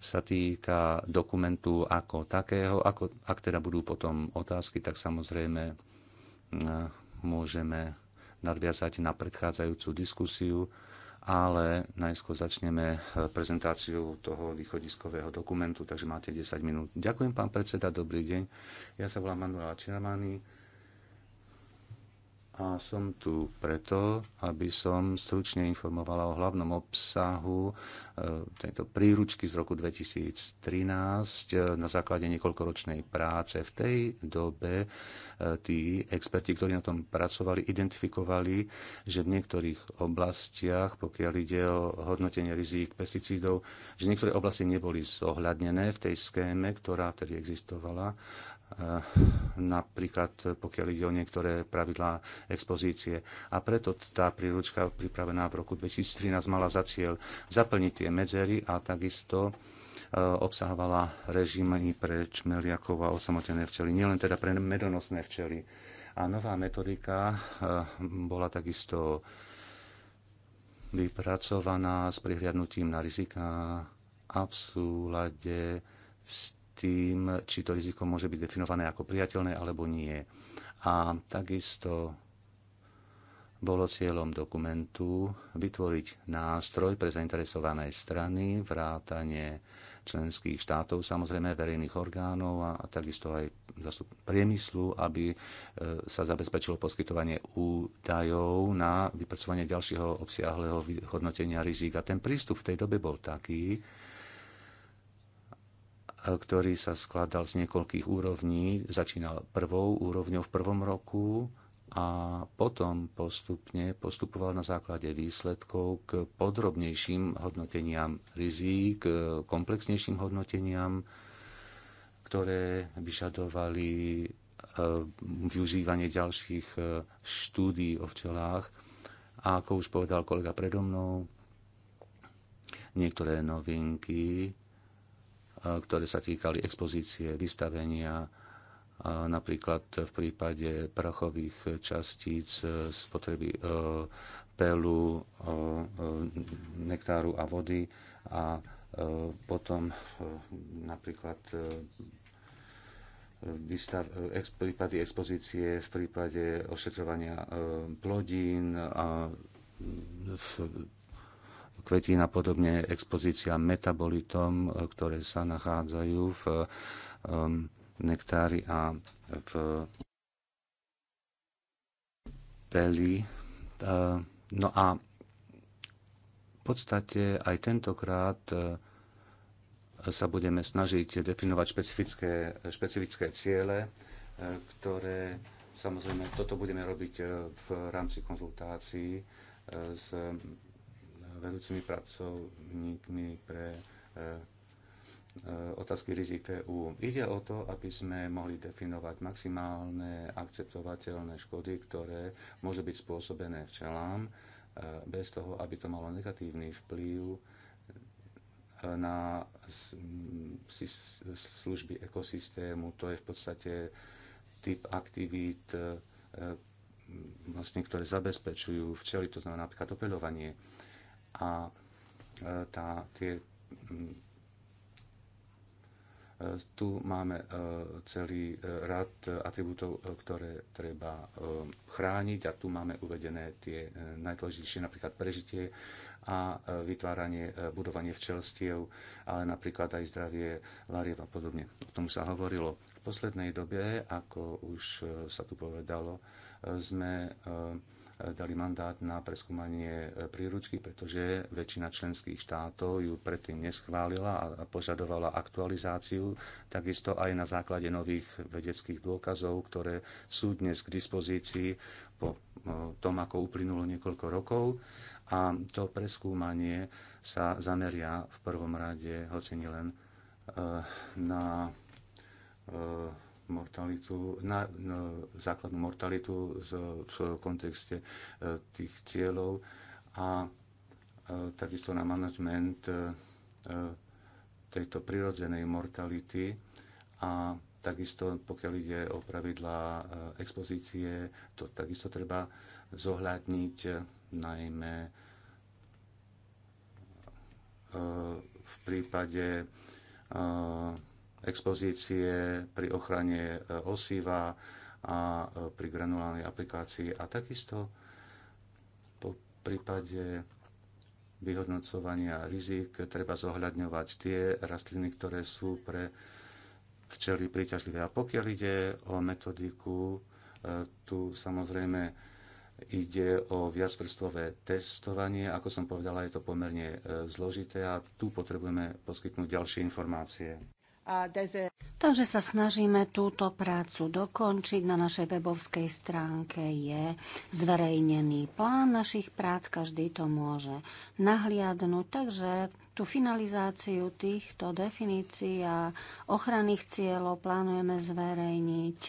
sa týka dokumentu ako takého. Ako, ak teda budú potom otázky, tak samozrejme e, môžeme nadviazať na predchádzajúcu diskusiu, ale najskôr začneme e, prezentáciu toho východiskového dokumentu, takže máte 10 minút. Ďakujem, pán predseda, dobrý deň. Ja sa volám Manuela Čermany a som tu preto, aby som stručne informovala o hlavnom obsahu e, tejto príručky z roku 2013 e, na základe niekoľkoročnej práce. V tej dobe e, tí experti, ktorí na tom pracovali, identifikovali, že v niektorých oblastiach, pokiaľ ide o hodnotenie rizík pesticídov, že niektoré oblasti neboli zohľadnené v tej schéme, ktorá vtedy existovala Eh, napríklad pokiaľ ide o niektoré pravidlá expozície. A preto tá príručka pripravená v roku 2013 mala za cieľ zaplniť tie medzery a takisto eh, obsahovala režimy pre čmeliakov a osamotené včely, nielen teda pre medonosné včely. A nová metodika eh, bola takisto vypracovaná s prihliadnutím na rizika a v súlade s tým, či to riziko môže byť definované ako priateľné alebo nie. A takisto bolo cieľom dokumentu vytvoriť nástroj pre zainteresované strany, vrátanie členských štátov, samozrejme verejných orgánov a, a takisto aj zastup priemyslu, aby e, sa zabezpečilo poskytovanie údajov na vypracovanie ďalšieho obsiahleho hodnotenia rizik. ten prístup v tej dobe bol taký, ktorý sa skladal z niekoľkých úrovní. Začínal prvou úrovňou v prvom roku a potom postupne postupoval na základe výsledkov k podrobnejším hodnoteniam rizík, komplexnejším hodnoteniam, ktoré vyžadovali eh, využívanie ďalších eh, štúdí o včelách. A ako už povedal kolega predo mnou, niektoré novinky Eh, ktoré sa týkali expozície, vystavenia, eh, napríklad v prípade prachových častíc, eh, spotreby pelu, nektáru a vody a potom napríklad výstav, ex, prípady expozície v prípade ošetrovania plodín a mm, v kvetín a podobne, expozícia metabolitom, e, ktoré sa nachádzajú v e, nektári a v peli. E, no a v podstate aj tentokrát sa budeme snažiť definovať špecifické, špecifické ciele, ktoré samozrejme toto budeme robiť v rámci konzultácií s vedúcimi pracovníkmi pre e, e, otázky rizik EU. Ide o to, aby sme mohli definovať maximálne akceptovateľné škody, ktoré môžu byť spôsobené včelám, e, bez toho, aby to malo negatívny vplyv na služby ekosystému. To je v podstate typ aktivít, vlastne, ktoré zabezpečujú včely, to znamená napríklad opeľovanie a e, tá, tie, mm, e, tu máme e, celý rad atribútov, ktoré treba chrániť a tu máme uvedené tie najdôležitejšie, napríklad prežitie a vytváranie, budovanie včelstiev, ale napríklad aj zdravie lariev a podobne. O tom sa hovorilo. V poslednej dobe, ako už sa tu povedalo, sme dali mandát na preskúmanie e, príručky, pretože väčšina členských štátov ju predtým neschválila a požadovala aktualizáciu, takisto aj na základe nových vedeckých dôkazov, ktoré sú dnes k dispozícii po tom, ako uplynulo niekoľko rokov a to preskúmanie sa zameria v prvom rade, hoci nielen e, na e, mortalitu, na, na základnú mortalitu z, v kontexte e, tých cieľov a e, takisto na management e, tejto prirodzenej mortality a takisto pokiaľ ide o pravidlá expozície, to takisto treba zohľadniť najmä v prípade expozície pri ochrane e, osíva a e, pri granulárnej aplikácii a takisto po prípade vyhodnocovania rizik treba zohľadňovať tie rastliny, ktoré sú pre včely príťažlivé. A pokiaľ ide o metodiku, e, tu samozrejme ide o viacvrstvové testovanie. Ako som povedala, je to pomerne zložité a tu potrebujeme poskytnúť ďalšie informácie. Takže sa snažíme túto prácu dokončiť. Na našej webovskej stránke je zverejnený plán našich prác, každý to môže nahliadnúť, takže tú finalizáciu týchto definícií a ochranných cieľov plánujeme zverejniť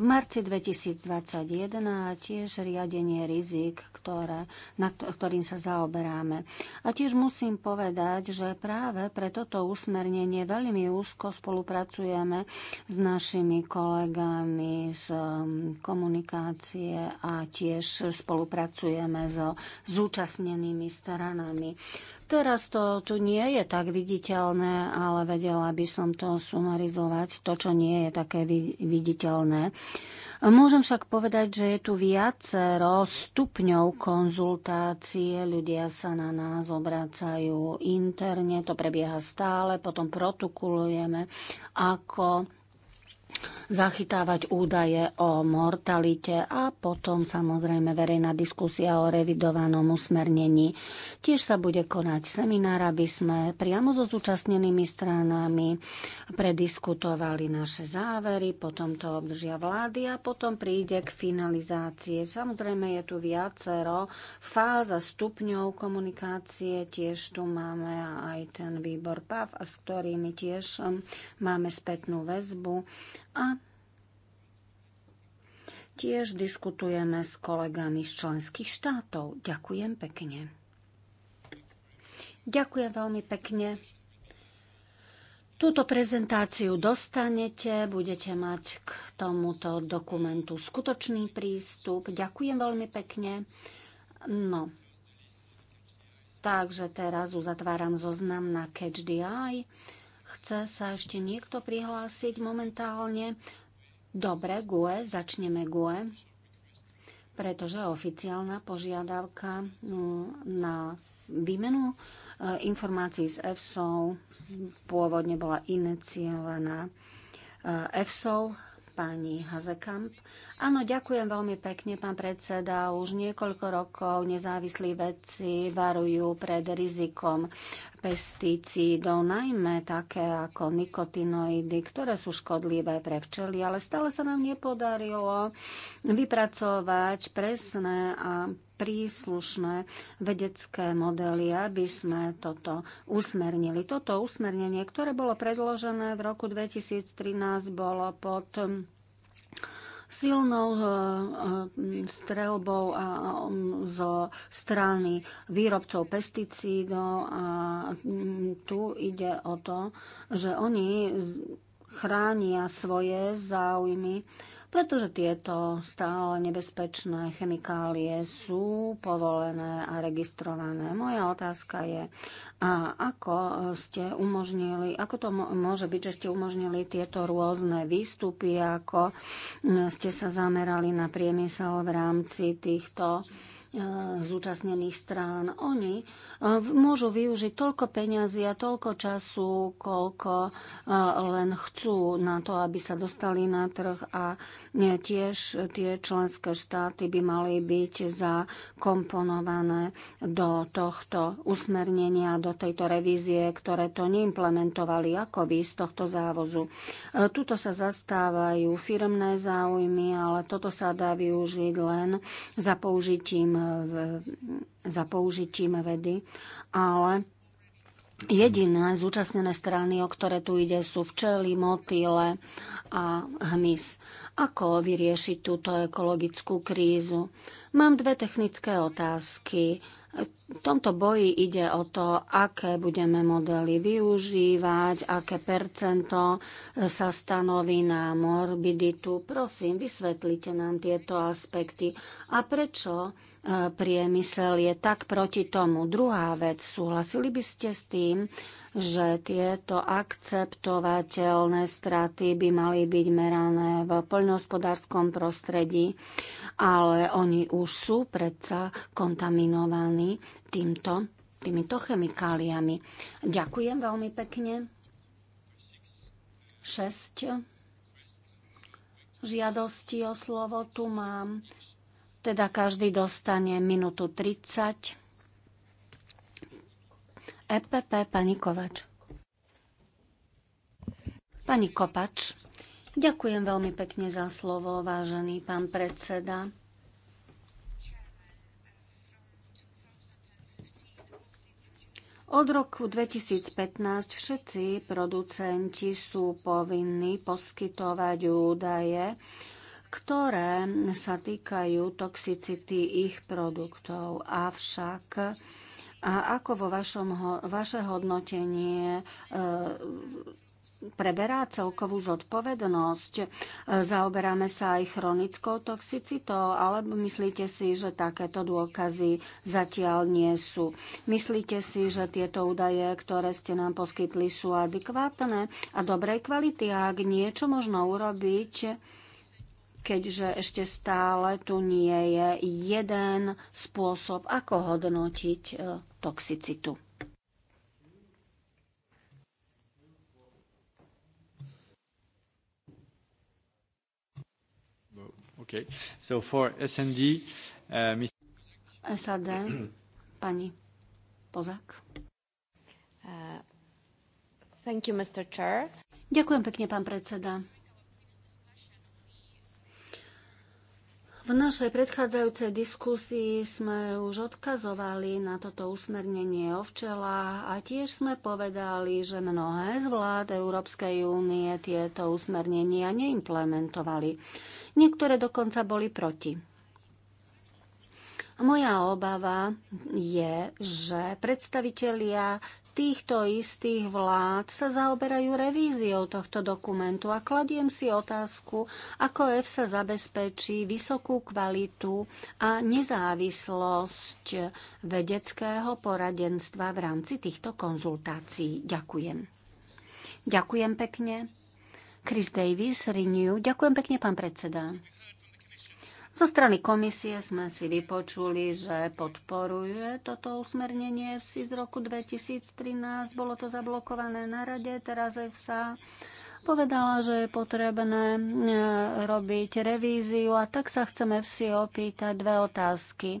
v marci 2021 a tiež riadenie rizik, ktoré, na ktorým sa zaoberáme. A tiež musím povedať, že práve pre toto usmernenie veľmi úzko spolupracujeme s našimi kolegami z um, komunikácie a tiež spolupracujeme so zúčastnenými stranami. Teraz to tu nie je tak viditeľné, ale vedela by som to sumarizovať, to, čo nie je také viditeľné. Môžem však povedať, že je tu viacero stupňov konzultácie. Ľudia sa na nás obracajú interne, to prebieha stále, potom protokolujeme, ako zachytávať údaje o mortalite a potom samozrejme verejná diskusia o revidovanom usmernení. Tiež sa bude konať seminár, aby sme priamo so zúčastnenými stranami prediskutovali naše závery, potom to obdržia vlády a potom príde k finalizácii. Samozrejme je tu viacero Fáza stupňov komunikácie, tiež tu máme aj ten výbor PAV, s ktorými tiež um, máme spätnú väzbu a tiež diskutujeme s kolegami z členských štátov. Ďakujem pekne. Ďakujem veľmi pekne. Túto prezentáciu dostanete, budete mať k tomuto dokumentu skutočný prístup. Ďakujem veľmi pekne. No, takže teraz uzatváram zoznam na CatchDI. Chce sa ešte niekto prihlásiť momentálne? Dobre, GUE, začneme GUE, pretože oficiálna požiadavka mm, na výmenu e, informácií s EFSO pôvodne bola iniciovaná e, EFSO pani Hazekamp. Áno, ďakujem veľmi pekne, pán predseda. Už niekoľko rokov nezávislí vedci varujú pred rizikom pesticídov, najmä také ako nikotinoidy, ktoré sú škodlivé pre včely, ale stále sa nám nepodarilo vypracovať presné a príslušné vedecké modely, aby sme toto usmernili. Toto usmernenie, ktoré bolo predložené v roku 2013, bolo pod hm, silnou hm, hm, strelbou a zo strany výrobcov pesticídov a tu ide o to, že oni chránia svoje záujmy pretože tieto stále nebezpečné chemikálie sú povolené a registrované. Moja otázka je, a ako ste umožnili, ako to môže byť, že ste umožnili tieto rôzne výstupy, ako ste sa zamerali na priemysel v rámci týchto E, zúčastnených strán. Oni e, môžu využiť toľko peňazí a toľko času, koľko e, len chcú na to, aby sa dostali na trh a tiež tie členské štáty by mali byť zakomponované do tohto usmernenia, do tejto revízie, ktoré to neimplementovali ako vy z tohto závozu. Tuto sa zastávajú firmné záujmy, ale toto sa dá využiť len za použitím za použitím vedy, ale Jediné zúčastnené strany, o ktoré tu ide, sú včely, motýle a hmyz. Ako vyriešiť túto ekologickú krízu? Mám dve technické otázky. V tomto boji ide o to, aké budeme modely využívať, aké percento sa stanoví na morbiditu. Prosím, vysvetlite nám tieto aspekty. A prečo e, priemysel je tak proti tomu? Druhá vec, súhlasili by ste s tým, že tieto akceptovateľné straty by mali byť merané v poľnohospodárskom prostredí, ale oni už sú predsa kontaminovaní týmto, týmito chemikáliami. Ďakujem veľmi pekne. 6 žiadosti o slovo tu mám. Teda každý dostane minútu 30. EPP pani Kovač. Pani Kopač, ďakujem veľmi pekne za slovo, vážený pán predseda. Od roku 2015 všetci producenti sú povinní poskytovať údaje, ktoré sa týkajú toxicity ich produktov. Avšak a ako vo vašom, vaše hodnotenie e, preberá celkovú zodpovednosť. E, zaoberáme sa aj chronickou toxicitou, alebo myslíte si, že takéto dôkazy zatiaľ nie sú? Myslíte si, že tieto údaje, ktoré ste nám poskytli, sú adekvátne a dobrej kvality? A ak niečo možno urobiť, keďže ešte stále tu nie je jeden spôsob, ako hodnotiť e, toxicitu. Okay. So for SND, uh, Ms. SAD, pani Pozak. Uh, thank you, Mr. Chair. Ďakujem pekne, pán predseda. V našej predchádzajúcej diskusii sme už odkazovali na toto usmernenie o včelách a tiež sme povedali, že mnohé z vlád Európskej únie tieto usmernenia neimplementovali. Niektoré dokonca boli proti. Moja obava je, že predstavitelia týchto istých vlád sa zaoberajú revíziou tohto dokumentu a kladiem si otázku, ako EFSA sa zabezpečí vysokú kvalitu a nezávislosť vedeckého poradenstva v rámci týchto konzultácií. Ďakujem. Ďakujem pekne. Chris Davis, Renew. Ďakujem pekne, pán predseda. Zo strany komisie sme si vypočuli, že podporuje toto usmernenie si z roku 2013. Bolo to zablokované na rade, teraz EFSA povedala, že je potrebné e, robiť revíziu a tak sa chceme vsi opýtať dve otázky. E,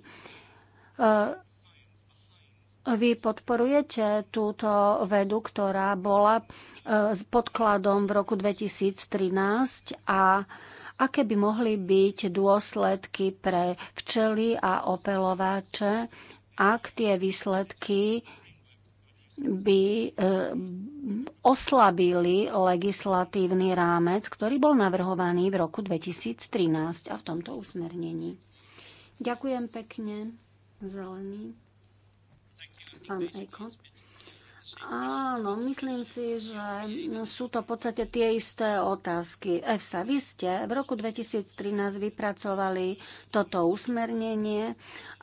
vy podporujete túto vedu, ktorá bola e, s podkladom v roku 2013 a aké by mohli byť dôsledky pre včely a opelováče, ak tie výsledky by e, oslabili legislatívny rámec, ktorý bol navrhovaný v roku 2013 a v tomto usmernení. Ďakujem pekne, zelený. Pán Eko. Áno, myslím si, že sú to v podstate tie isté otázky. EFSA, vy ste v roku 2013 vypracovali toto usmernenie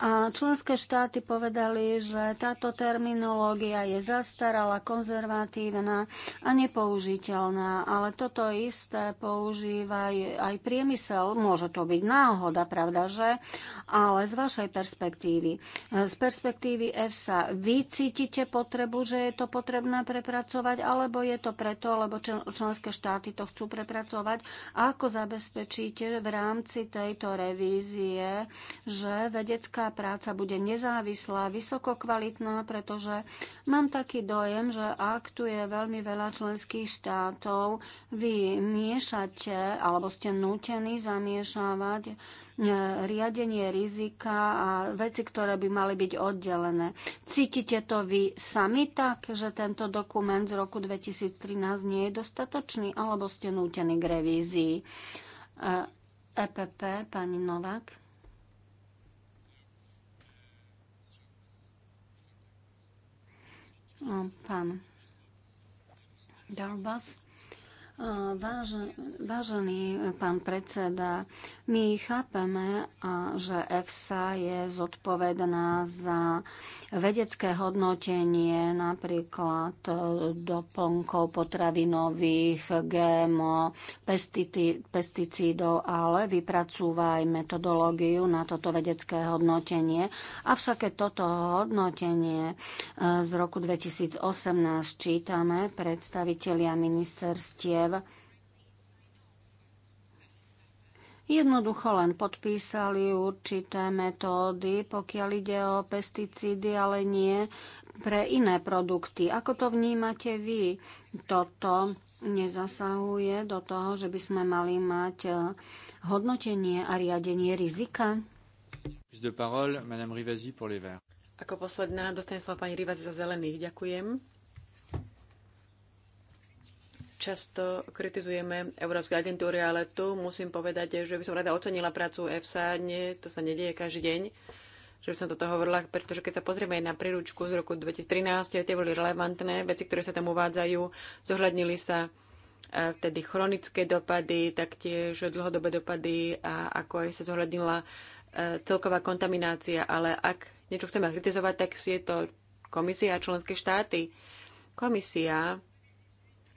a členské štáty povedali, že táto terminológia je zastarala, konzervatívna a nepoužiteľná, ale toto isté používa aj priemysel. Môže to byť náhoda, pravda, že? Ale z vašej perspektívy, z perspektívy EFSA, vy cítite potrebu, že je to potrebné prepracovať, alebo je to preto, lebo členské štáty to chcú prepracovať. A ako zabezpečíte v rámci tejto revízie, že vedecká práca bude nezávislá, vysokokvalitná, pretože mám taký dojem, že ak tu je veľmi veľa členských štátov, vy miešate alebo ste nútení zamiešavať E, riadenie rizika a veci, ktoré by mali byť oddelené. Cítite to vy sami tak, že tento dokument z roku 2013 nie je dostatočný, alebo ste nútení k revízii? EPP, e pani Novák. No, pán Dalbas. Vážený pán predseda, my chápeme, že EFSA je zodpovedná za vedecké hodnotenie napríklad e, doplnkov potravinových, GMO, pesticídov, ale vypracúva aj metodológiu na toto vedecké hodnotenie. Avšak keď toto hodnotenie e, z roku 2018 čítame, predstavitelia ministerstie Kiev jednoducho len podpísali určité metódy, pokiaľ ide o pesticídy, ale nie pre iné produkty. Ako to vnímate vy? Toto nezasahuje do toho, že by sme mali mať eh, hodnotenie a riadenie rizika? Ako posledná dostane slovo pani Rivazi za zelených. Ďakujem. Často kritizujeme európske agentúry, ale tu musím povedať, že by som rada ocenila prácu EFSA. Nie, to sa nedieje každý deň, že by som toto hovorila, pretože keď sa pozrieme na príručku z roku 2013, tie boli relevantné, veci, ktoré sa tam uvádzajú, zohľadnili sa vtedy e, chronické dopady, taktiež dlhodobé dopady a ako aj sa zohľadnila e, celková kontaminácia. Ale ak niečo chceme kritizovať, tak si je to komisia a členské štáty. Komisia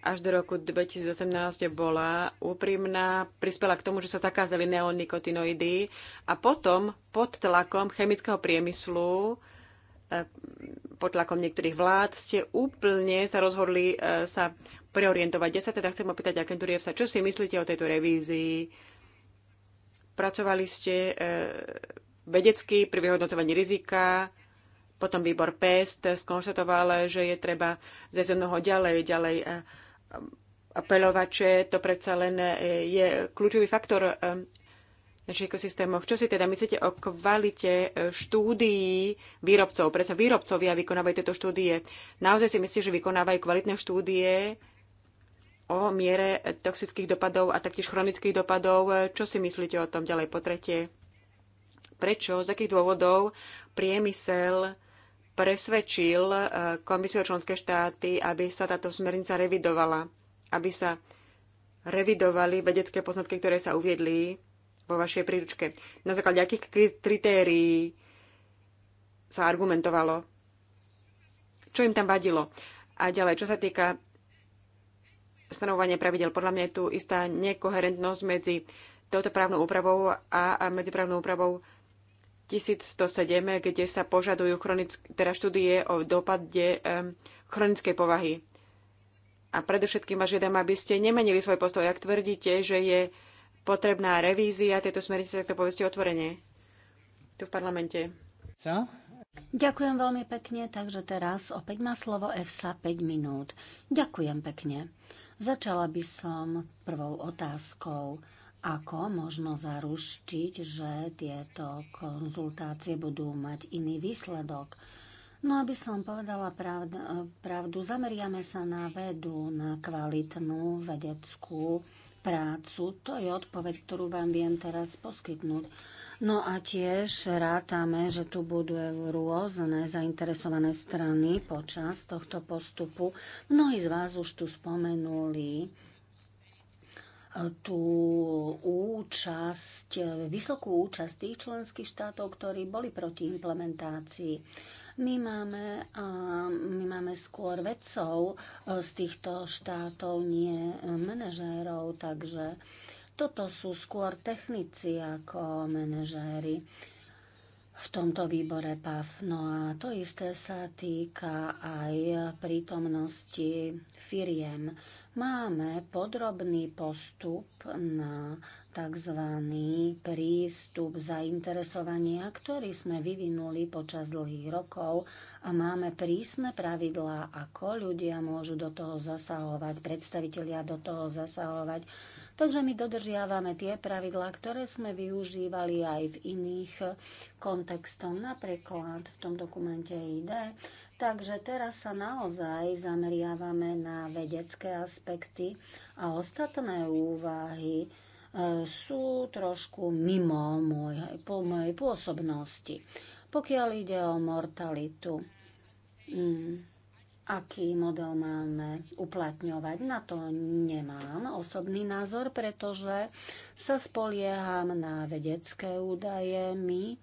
až do roku 2018 bola úprimná, prispela k tomu, že sa zakázali neonikotinoidy a potom pod tlakom chemického priemyslu, e, pod tlakom niektorých vlád ste úplne sa rozhodli e, sa preorientovať. Ja sa teda chcem opýtať agentúrie sa, čo si myslíte o tejto revízii? Pracovali ste e, vedecky pri vyhodnocovaní rizika, potom výbor PEST skonštatoval, že je treba ze mnoho ďalej, ďalej že to predsa len e, je kľúčový faktor e, našich ekosystémoch. Čo si teda myslíte o kvalite e, štúdií výrobcov? Predsa výrobcovia vykonávajú tieto štúdie. Naozaj si myslíte, že vykonávajú kvalitné štúdie o miere toxických dopadov a taktiež chronických dopadov? Čo si myslíte o tom ďalej po tretie? Prečo, z akých dôvodov priemysel presvedčil e, komisiu členské štáty, aby sa táto smernica revidovala, aby sa revidovali vedecké poznatky, ktoré sa uviedli vo vašej príručke. Na základe akých kritérií sa argumentovalo? Čo im tam vadilo? A ďalej, čo sa týka stanovovania pravidel, podľa mňa je tu istá nekoherentnosť medzi touto právnou úpravou a medzi právnou úpravou 1107, kde sa požadujú chronick- teda štúdie o dopade chronickej povahy. A predovšetkým vás žiadam, aby ste nemenili svoj postoj, ak tvrdíte, že je potrebná revízia tejto smernice, tak to povedzte otvorene tu v parlamente. Co? Ďakujem veľmi pekne, takže teraz opäť má slovo EFSA 5 minút. Ďakujem pekne. Začala by som prvou otázkou. Ako možno zaruščiť, že tieto konzultácie budú mať iný výsledok? No aby som povedala pravdu, zameriame sa na vedu, na kvalitnú vedeckú prácu. To je odpoveď, ktorú vám viem teraz poskytnúť. No a tiež rátame, že tu budú rôzne zainteresované strany počas tohto postupu. Mnohí z vás už tu spomenuli tú účasť, vysokú účasť tých členských štátov, ktorí boli proti implementácii. My máme, my máme skôr vedcov e, z týchto štátov, nie manažérov, takže toto sú skôr technici ako manažéri v tomto výbore PAF. No a to isté sa týka aj prítomnosti firiem. Máme podrobný postup na tzv. prístup zainteresovania, ktorý sme vyvinuli počas dlhých rokov a máme prísne pravidlá, ako ľudia môžu do toho zasahovať, predstavitelia do toho zasahovať Takže my dodržiavame tie pravidlá, ktoré sme využívali aj v iných kontextoch, napríklad v tom dokumente ID. Takže teraz sa naozaj zameriavame na vedecké aspekty a ostatné úvahy e, sú trošku mimo mojej, po mojej pôsobnosti. Pokiaľ ide o mortalitu, mm aký model máme uplatňovať. Na to nemám osobný názor, pretože sa spolieham na vedecké údaje. My e,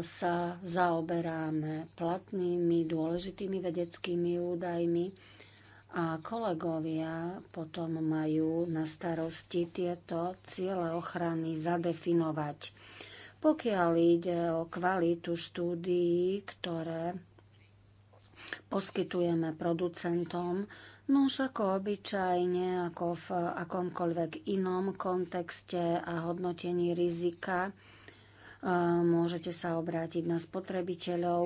sa zaoberáme platnými, dôležitými vedeckými údajmi a kolegovia potom majú na starosti tieto ciele ochrany zadefinovať. Pokiaľ ide o kvalitu štúdií, ktoré poskytujeme producentom. No už ako obyčajne, ako v akomkoľvek inom kontexte a hodnotení rizika, e, môžete sa obrátiť na spotrebiteľov.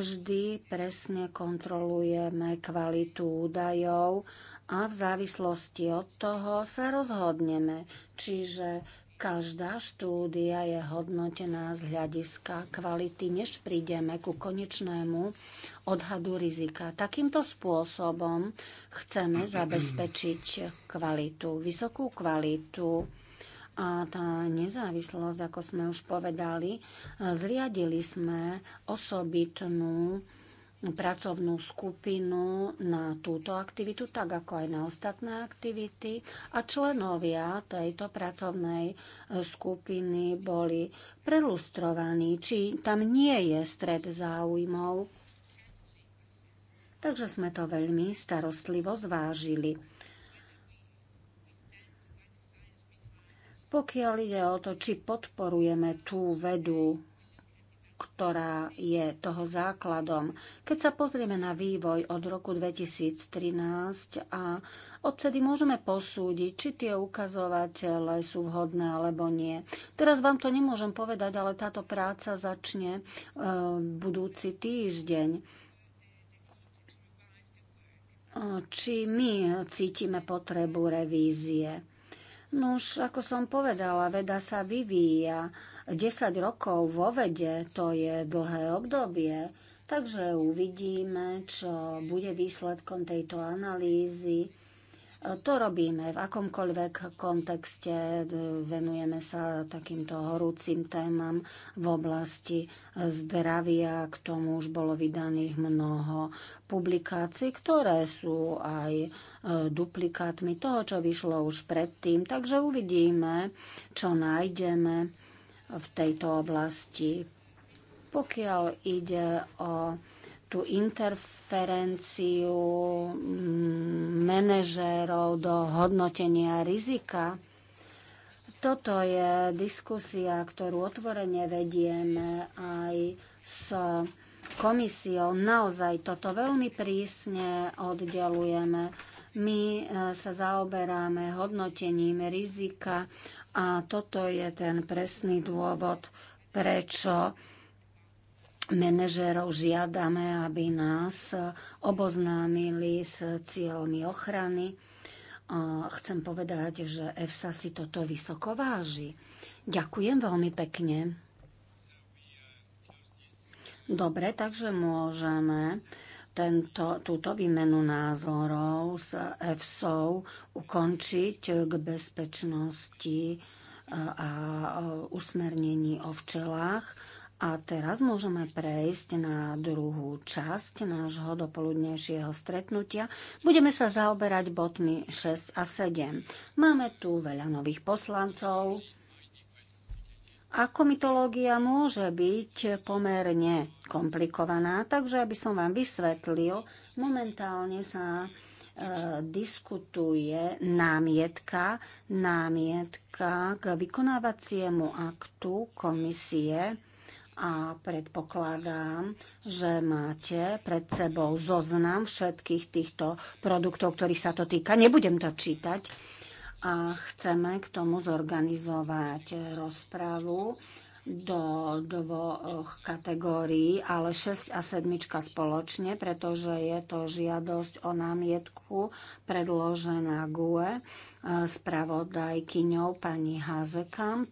Vždy presne kontrolujeme kvalitu údajov a v závislosti od toho sa rozhodneme. Čiže Každá štúdia je hodnotená z hľadiska kvality, než prídeme ku konečnému odhadu rizika. Takýmto spôsobom chceme <clears throat> zabezpečiť kvalitu, vysokú kvalitu a tá nezávislosť, ako sme už povedali, zriadili sme osobitnú pracovnú skupinu na túto aktivitu, tak ako aj na ostatné aktivity. A členovia tejto pracovnej e, skupiny boli prelustrovaní, či tam nie je stred záujmov. Takže sme to veľmi starostlivo zvážili. Pokiaľ ide o to, či podporujeme tú vedu ktorá je toho základom. Keď sa pozrieme na vývoj od roku 2013 a odtedy môžeme posúdiť, či tie ukazovatele sú vhodné alebo nie. Teraz vám to nemôžem povedať, ale táto práca začne e, budúci týždeň e, či my cítime potrebu revízie. No už, ako som povedala, veda sa vyvíja 10 rokov vo vede to je dlhé obdobie, takže uvidíme, čo bude výsledkom tejto analýzy. To robíme v akomkoľvek kontexte, venujeme sa takýmto horúcim témam v oblasti zdravia. K tomu už bolo vydaných mnoho publikácií, ktoré sú aj e, duplikátmi toho, čo vyšlo už predtým. Takže uvidíme, čo nájdeme v tejto oblasti. Pokiaľ ide o tú interferenciu mm, manažérov do hodnotenia rizika, toto je diskusia, ktorú otvorene vedieme aj s komisiou. Naozaj toto veľmi prísne oddelujeme. My e, sa zaoberáme hodnotením rizika a toto je ten presný dôvod, prečo manažérov žiadame, aby nás oboznámili s cieľmi ochrany. Chcem povedať, že EFSA si toto vysoko váži. Ďakujem veľmi pekne. Dobre, takže môžeme tento, túto výmenu názorov s EFSOU ukončiť k bezpečnosti e, a e, usmernení o včelách. A teraz môžeme prejsť na druhú časť nášho dopoludnejšieho stretnutia. Budeme sa zaoberať bodmi 6 a 7. Máme tu veľa nových poslancov, ako mytológia môže byť pomerne komplikovaná, takže aby som vám vysvetlil, momentálne sa e, diskutuje námietka, námietka k vykonávaciemu aktu komisie a predpokladám, že máte pred sebou zoznam všetkých týchto produktov, ktorých sa to týka. Nebudem to čítať a chceme k tomu zorganizovať rozpravu do dvoch kategórií, ale 6 a 7 spoločne, pretože je to žiadosť o námietku predložená GUE eh, spravodajkyňou pani Hazekamp.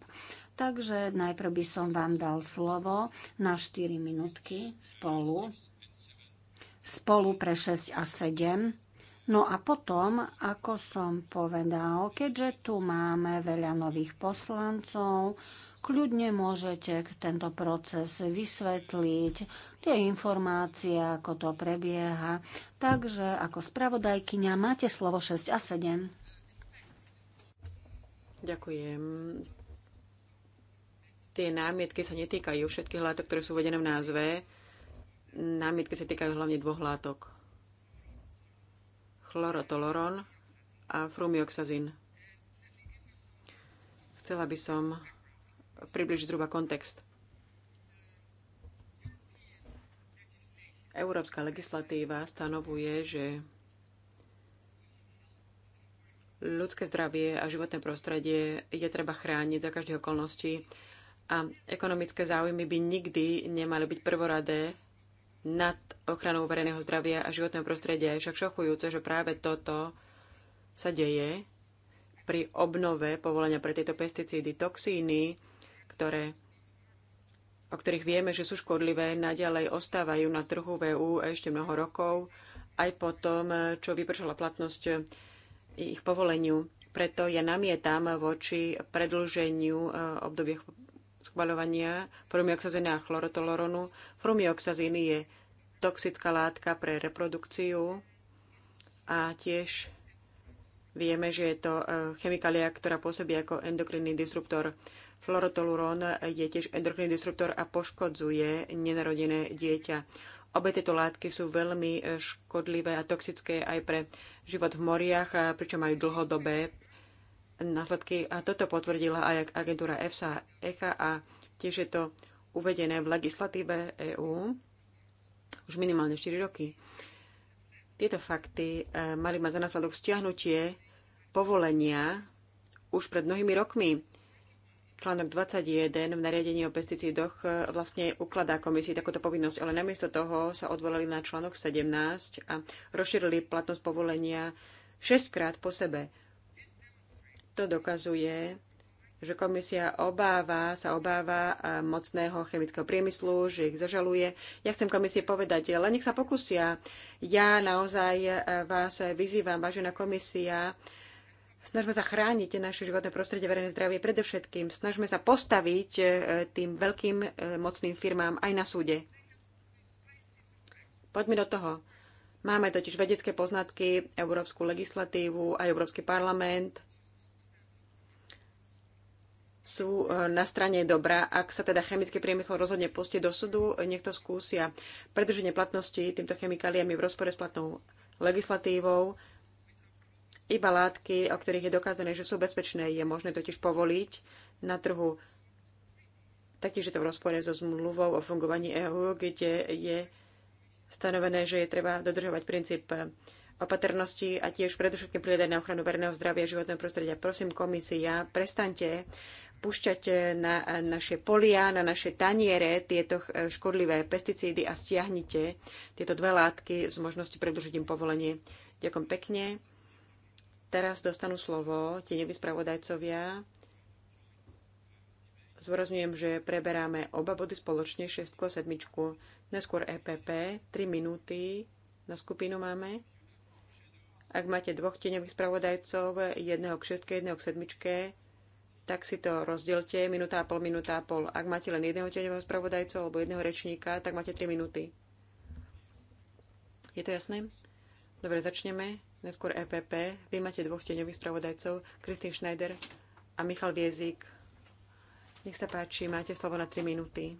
Takže najprv by som vám dal slovo na 4 minútky spolu. Spolu pre 6 a 7 No a potom, ako som povedal, keďže tu máme veľa nových poslancov, kľudne môžete tento proces vysvetliť, tie informácie, ako to prebieha. Takže ako spravodajkyňa máte slovo 6 a 7. Ďakujem. Tie námietky sa netýkajú všetkých látok, ktoré sú uvedené v názve. Námietky sa týkajú hlavne dvoch látok chlorotolorón a frumioxazín. Chcela by som približiť zhruba kontext. Európska legislatíva stanovuje, že ľudské zdravie a životné prostredie je treba chrániť za každých okolností a ekonomické záujmy by nikdy nemali byť prvoradé nad ochranou verejného zdravia a životného prostredia. Je však šokujúce, že práve toto sa deje pri obnove povolenia pre tieto pesticídy. Toxíny, ktoré, o ktorých vieme, že sú škodlivé, naďalej ostávajú na trhu v e ešte mnoho rokov, aj po tom, čo vypršala platnosť ich povoleniu. Preto ja namietam voči predlženiu e, obdobia schvaľovania formioxazíny a chlorotoloronu. Formioxazíny je toxická látka pre reprodukciu a tiež vieme, že je to e, chemikália, ktorá pôsobí ako endokrinný disruptor. Chlorotoluron je tiež endokrinný disruptor a poškodzuje nenarodené dieťa. Obe tieto látky sú veľmi e, škodlivé a toxické aj pre život v moriach, pričom majú dlhodobé následky. A toto potvrdila aj agentúra EFSA ECHA a tiež je to uvedené v legislatíve EÚ už minimálne 4 roky. Tieto fakty e, mali mať za následok stiahnutie povolenia už pred mnohými rokmi. Článok 21 v nariadení o pesticídoch e, vlastne ukladá komisii takúto povinnosť, ale namiesto toho sa odvolali na článok 17 a rozšírili platnosť povolenia 6 krát po sebe. To dokazuje, že komisia obáva, sa obáva mocného chemického priemyslu, že ich zažaluje. Ja chcem komisie povedať, len nech sa pokusia. Ja naozaj e, vás vyzývam, vážená komisia, snažme sa chrániť naše životné prostredie, verejné zdravie predovšetkým. Snažme sa postaviť e, tým veľkým e, mocným firmám aj na súde. Poďme do toho. Máme totiž vedecké poznatky, európsku legislatívu, aj Európsky parlament – sú e, na strane dobrá. Ak sa teda chemický priemysel rozhodne pustiť do súdu, nech to skúsia predrženie platnosti týmto chemikáliami v rozpore s platnou legislatívou. Iba látky, o ktorých je dokázané, že sú bezpečné, je možné totiž povoliť na trhu. Taktiež je to v rozpore so zmluvou o fungovaní EÚ, kde je stanovené, že je treba dodržovať princíp opatrnosti a tiež predovšetkým prihľadať na ochranu verejného zdravia a životného prostredia. Prosím komisia, prestaňte pušťate na naše polia, na naše taniere tieto e, škodlivé pesticídy a stiahnite tieto dve látky s možnosti predlžiť im povolenie. Ďakujem pekne. Teraz dostanú slovo tie nevyspravodajcovia. Zvorazňujem, že preberáme oba body spoločne, 6 a 7. Neskôr EPP, 3 minúty na skupinu máme. Ak máte dvoch tieňových spravodajcov, jedného k šestke, jedného k sedmičke, tak si to rozdielte, minúta a pol, minúta a pol. Ak máte len jedného tieňového spravodajcu alebo jedného rečníka, tak máte 3 minúty. Je to jasné? Dobre, začneme. Neskôr EPP. Vy máte dvoch tieňových spravodajcov, Kristin Schneider a Michal Viezik. Nech sa páči, máte slovo na 3 minúty.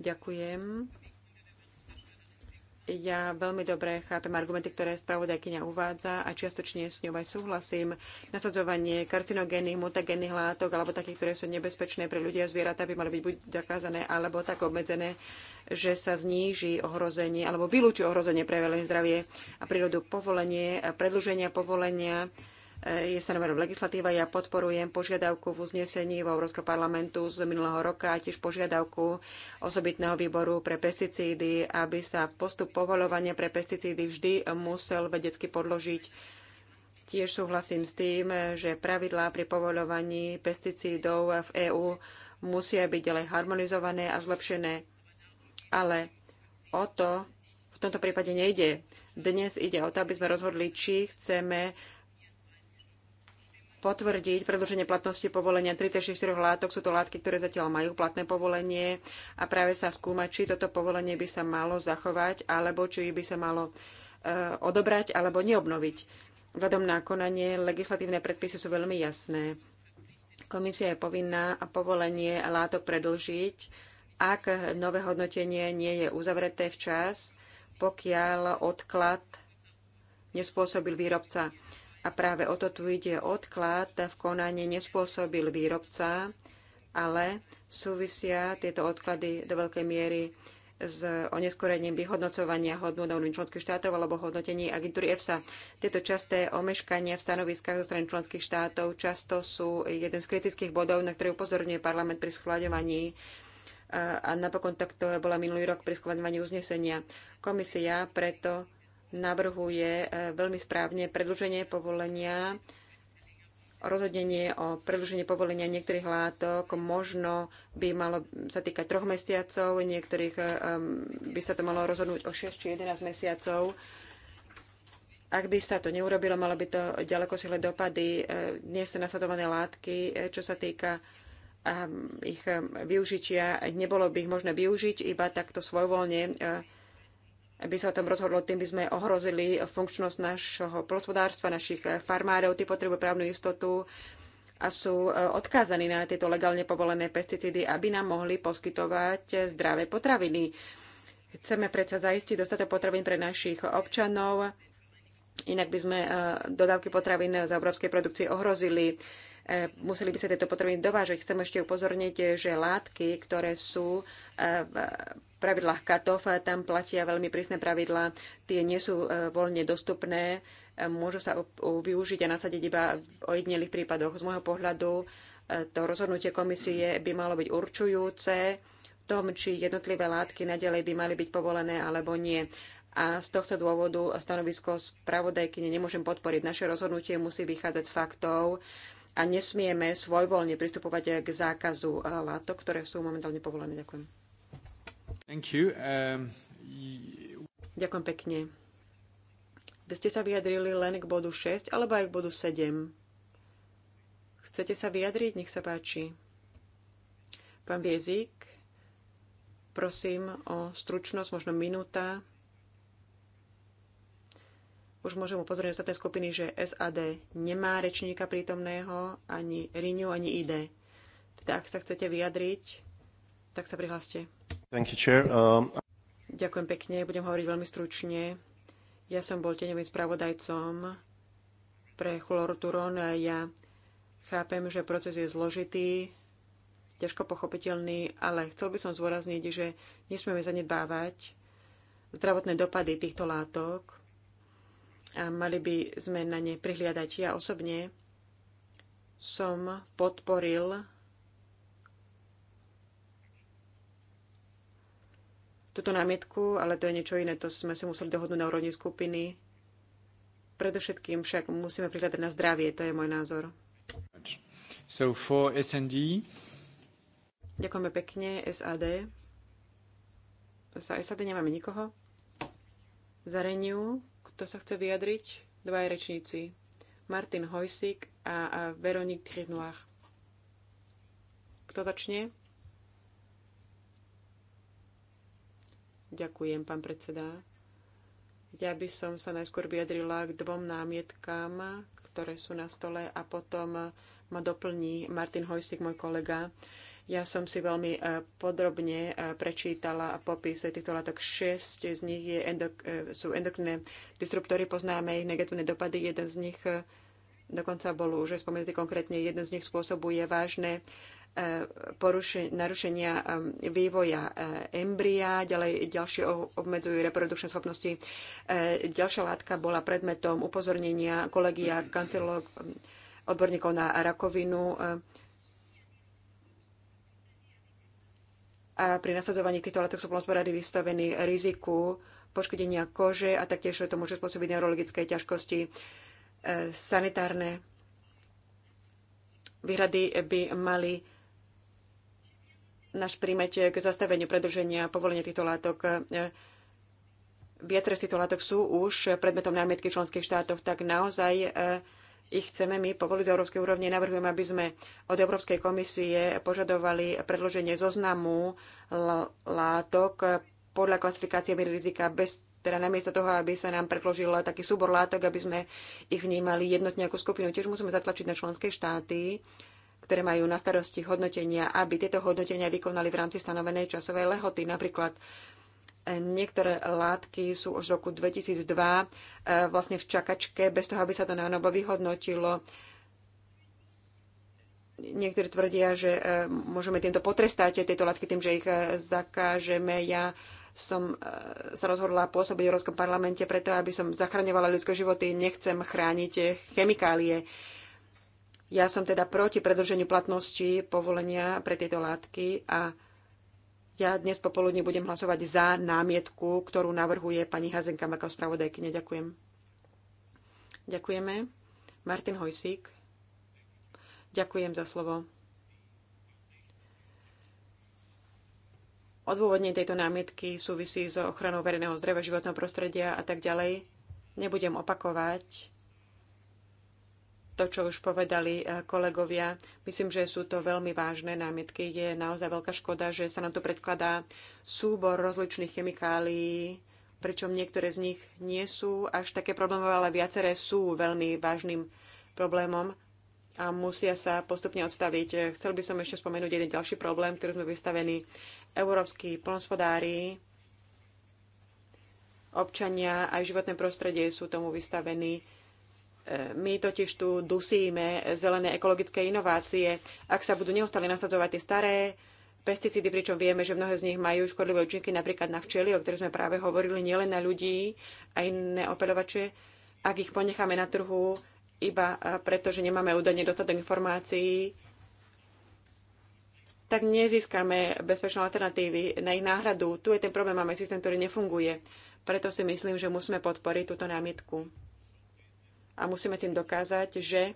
Ďakujem. Ja veľmi dobre chápem argumenty, ktoré spravodajkynia uvádza a čiastočne s ňou aj súhlasím. Nasadzovanie karcinogénnych, mutagénnych látok alebo takých, ktoré sú nebezpečné pre ľudia a zvieratá, by mali byť buď zakázané alebo tak obmedzené, že sa zníži ohrozenie alebo vylúči ohrozenie pre veľné zdravie a prírodu povolenie, predlženia povolenia, je stanovená legislatíva. Ja podporujem požiadavku v uznesení v Európskeho parlamentu z minulého roka a tiež požiadavku osobitného výboru pre pesticídy, aby sa postup povolovania pre pesticídy vždy musel vedecky podložiť. Tiež súhlasím s tým, že pravidlá pri povoľovaní pesticídov v EÚ musia byť ďalej harmonizované a zlepšené. Ale o to v tomto prípade nejde. Dnes ide o to, aby sme rozhodli, či chceme potvrdiť predĺženie platnosti povolenia 36 látok. Sú to látky, ktoré zatiaľ majú platné povolenie a práve sa skúma, či toto povolenie by sa malo zachovať, alebo či by sa malo e, odobrať, alebo neobnoviť. Vzhľadom na konanie legislatívne predpisy sú veľmi jasné. Komisia je povinná a povolenie látok predlžiť, ak nové hodnotenie nie je uzavreté včas, pokiaľ odklad nespôsobil výrobca. A práve o to tu ide odklad v konaní nespôsobil výrobca, ale súvisia tieto odklady do veľkej miery s oneskorením vyhodnocovania hodnot členských štátov alebo hodnotení agentúry EFSA. Tieto časté omeškania v stanoviskách zo strany členských štátov často sú jeden z kritických bodov, na ktorý upozorňuje parlament pri schváľovaní a napokon takto bola minulý rok pri schváľovaní uznesenia. Komisia preto navrhuje e, veľmi správne predlženie povolenia, rozhodnenie o predlžení povolenia niektorých látok možno by malo sa týkať troch mesiacov, niektorých e, by sa to malo rozhodnúť o 6 či 11 mesiacov. Ak by sa to neurobilo, malo by to ďaleko sihle dopady. E, dnes nasadované látky, čo sa týka ich využitia, nebolo by ich možné využiť, iba takto svojvoľne by sa o tom rozhodlo, tým by sme ohrozili funkčnosť našho plotvodárstva, našich eh, farmárov. Tí potrebujú právnu istotu a sú eh, odkázaní na tieto legálne povolené pesticídy, aby nám mohli poskytovať eh, zdravé potraviny. Chceme predsa zaistiť dostatok potravín pre našich občanov, inak by sme dodávky potravín za obrovskej produkcie ohrozili. Museli by sa tieto potraviny dovážať. Chcem ešte upozorniť, že látky, ktoré sú pravidlách katov. Tam platia veľmi prísne pravidlá. Tie nie sú e, voľne dostupné. E, môžu sa využiť a nasadiť iba v ojednelých prípadoch. Z môjho pohľadu e, to rozhodnutie komisie by malo byť určujúce v tom, či jednotlivé látky nadalej by mali byť povolené alebo nie. A z tohto dôvodu stanovisko spravodajkyne nemôžem podporiť. Naše rozhodnutie musí vychádzať z faktov a nesmieme svojvoľne pristupovať k zákazu látok, ktoré sú momentálne povolené. Ďakujem. Um, Ďakujem pekne. Vy ste sa vyjadrili len k bodu 6 alebo aj k bodu 7. Chcete sa vyjadriť? Nech sa páči. Pán Viezik, prosím o stručnosť, možno minúta. Už môžem upozorniť ostatné skupiny, že SAD nemá rečníka prítomného, ani Riňu, ani ID. Teda ak sa chcete vyjadriť, tak sa prihláste. Thank you, chair. Um... Ďakujem pekne, budem hovoriť veľmi stručne. Ja som bol tenevým spravodajcom pre a Ja chápem, že proces je zložitý, ťažko pochopiteľný, ale chcel by som zvorazniť, že nesmieme zanedbávať zdravotné dopady týchto látok a mali by sme na ne prihliadať. Ja osobne som podporil túto námietku, ale to je niečo iné. To sme si museli dohodnúť na úrovni skupiny. Predovšetkým však musíme prihľadať na zdravie, to je môj názor. So for SND. Ďakujeme pekne, SAD. Za SAD nemáme nikoho. Za Renew, kto sa chce vyjadriť? Dva rečníci. Martin Hojsik a, a Veronique Trinoir. Kto začne? Ďakujem, pán predseda. Ja by som sa najskôr vyjadrila k dvom námietkám, ktoré sú na stole a potom ma doplní Martin Hojsik, môj kolega. Ja som si veľmi e, podrobne e, prečítala popis týchto látok. šesť z nich je endok- e, sú endokrinné disruptory, poznáme ich negatívne dopady. Jeden z nich dokonca bol už spomenutý konkrétne, jeden z nich spôsobuje vážne E, narušenia e, vývoja e, embria, ďalej ďalšie obmedzujú reprodukčné schopnosti. Ďalšia látka bola predmetom upozornenia kolegia kancelog odborníkov na rakovinu. A pri nasadzovaní týchto látok sú plnospodári vystavení riziku poškodenia kože a taktiež to môže spôsobiť neurologické ťažkosti sanitárne. Výhrady by mali náš príjmete k zastaveniu predlženia povolenia týchto látok. Vietre z týchto látok sú už predmetom námietky v členských štátoch, tak naozaj eh, ich chceme my povoliť z európskej úrovne. Navrhujem, aby sme od Európskej komisie požadovali predloženie zoznamu látok podľa klasifikácie miery rizika bez teda namiesto toho, aby sa nám predložil taký súbor látok, aby sme ich vnímali jednotne ako skupinu. Tiež musíme zatlačiť na členské štáty, ktoré majú na starosti hodnotenia, aby tieto hodnotenia vykonali v rámci stanovenej časovej lehoty. Napríklad eh, niektoré látky sú už z roku 2002 eh, vlastne v čakačke, bez toho, aby sa to na vyhodnotilo. Niektorí tvrdia, že eh, môžeme týmto potrestať tieto látky tým, že ich zakážeme. Ja som sa rozhodla pôsobiť v Európskom parlamente preto, aby som zachraňovala ľudské životy. Nechcem chrániť chemikálie. Ja som teda proti predlženiu platnosti povolenia pre tieto látky a ja dnes popoludne budem hlasovať za námietku, ktorú navrhuje pani Hazenka ako spravodajkyne. Ďakujem. Ďakujeme. Martin Hojsík. Ďakujem za slovo. Odôvodne tejto námietky súvisí s so ochranou verejného zdravia, životného prostredia a tak ďalej. Nebudem opakovať to, čo už povedali e, kolegovia. Myslím, že sú to veľmi vážne námietky. Je naozaj veľká škoda, že sa nám tu predkladá súbor rozličných chemikálií, pričom niektoré z nich nie sú až také problémové, ale viaceré sú veľmi vážnym problémom a musia sa postupne odstaviť. Chcel by som ešte spomenúť jeden ďalší problém, ktorý sme vystavení. Európsky plnospodári, občania aj životné prostredie sú tomu vystavení my totiž tu dusíme zelené ekologické inovácie. Ak sa budú neustále nasadzovať tie staré pesticídy, pričom vieme, že mnohé z nich majú škodlivé účinky napríklad na včely, o ktorých sme práve hovorili, nielen na ľudí a iné opeľovače, ak ich ponecháme na trhu iba preto, že nemáme údajne dostatok informácií, tak nezískame bezpečné alternatívy na ich náhradu. Tu je ten problém, máme systém, ktorý nefunguje. Preto si myslím, že musíme podporiť túto námietku a musíme tým dokázať, že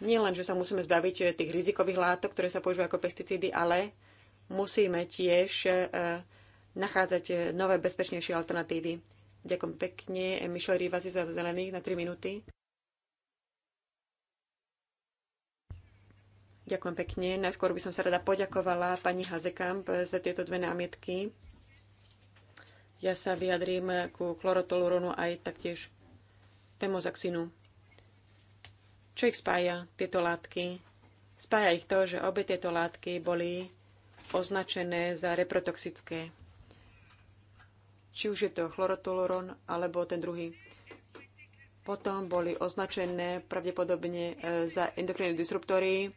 nie len, že sa musíme zbaviť tých rizikových látok, ktoré sa používajú ako pesticídy, ale musíme tiež e, nachádzať nové, bezpečnejšie alternatívy. Ďakujem pekne. Mišel Rivasi za zelených na 3 minúty. Ďakujem pekne. Najskôr by som sa rada poďakovala pani Hazekamp za tieto dve námietky. Ja sa vyjadrím ku chlorotolurónu aj taktiež pemozaxinu. Čo ich spája, tieto látky? Spája ich to, že obe tieto látky boli označené za reprotoxické. Či už je to chlorotoluron alebo ten druhý. Potom boli označené pravdepodobne e, za endokrinné disruptory.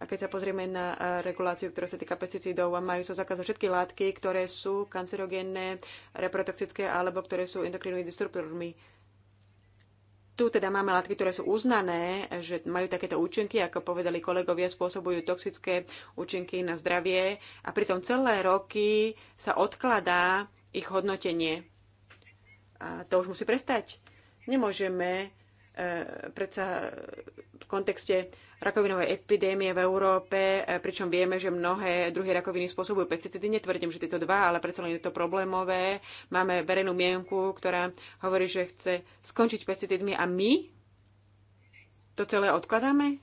A keď sa pozrieme na e, reguláciu, ktorá sa týka pesticídov, majú sa so zakázať všetky látky, ktoré sú kancerogénne, reprotoxické alebo ktoré sú endokrinnými disruptormi tu teda máme látky, ktoré sú uznané, že majú takéto účinky, ako povedali kolegovia, spôsobujú toxické účinky na zdravie a pritom celé roky sa odkladá ich hodnotenie. A to už musí prestať. Nemôžeme e, predsa v kontekste. Rakovinovej epidémie v Európe, e, pričom vieme, že mnohé druhy rakoviny spôsobujú pesticídy. Netvrdím, že tieto dva, ale predsa len je to problémové. Máme verejnú mienku, ktorá hovorí, že chce skončiť pesticidmi a my to celé odkladáme?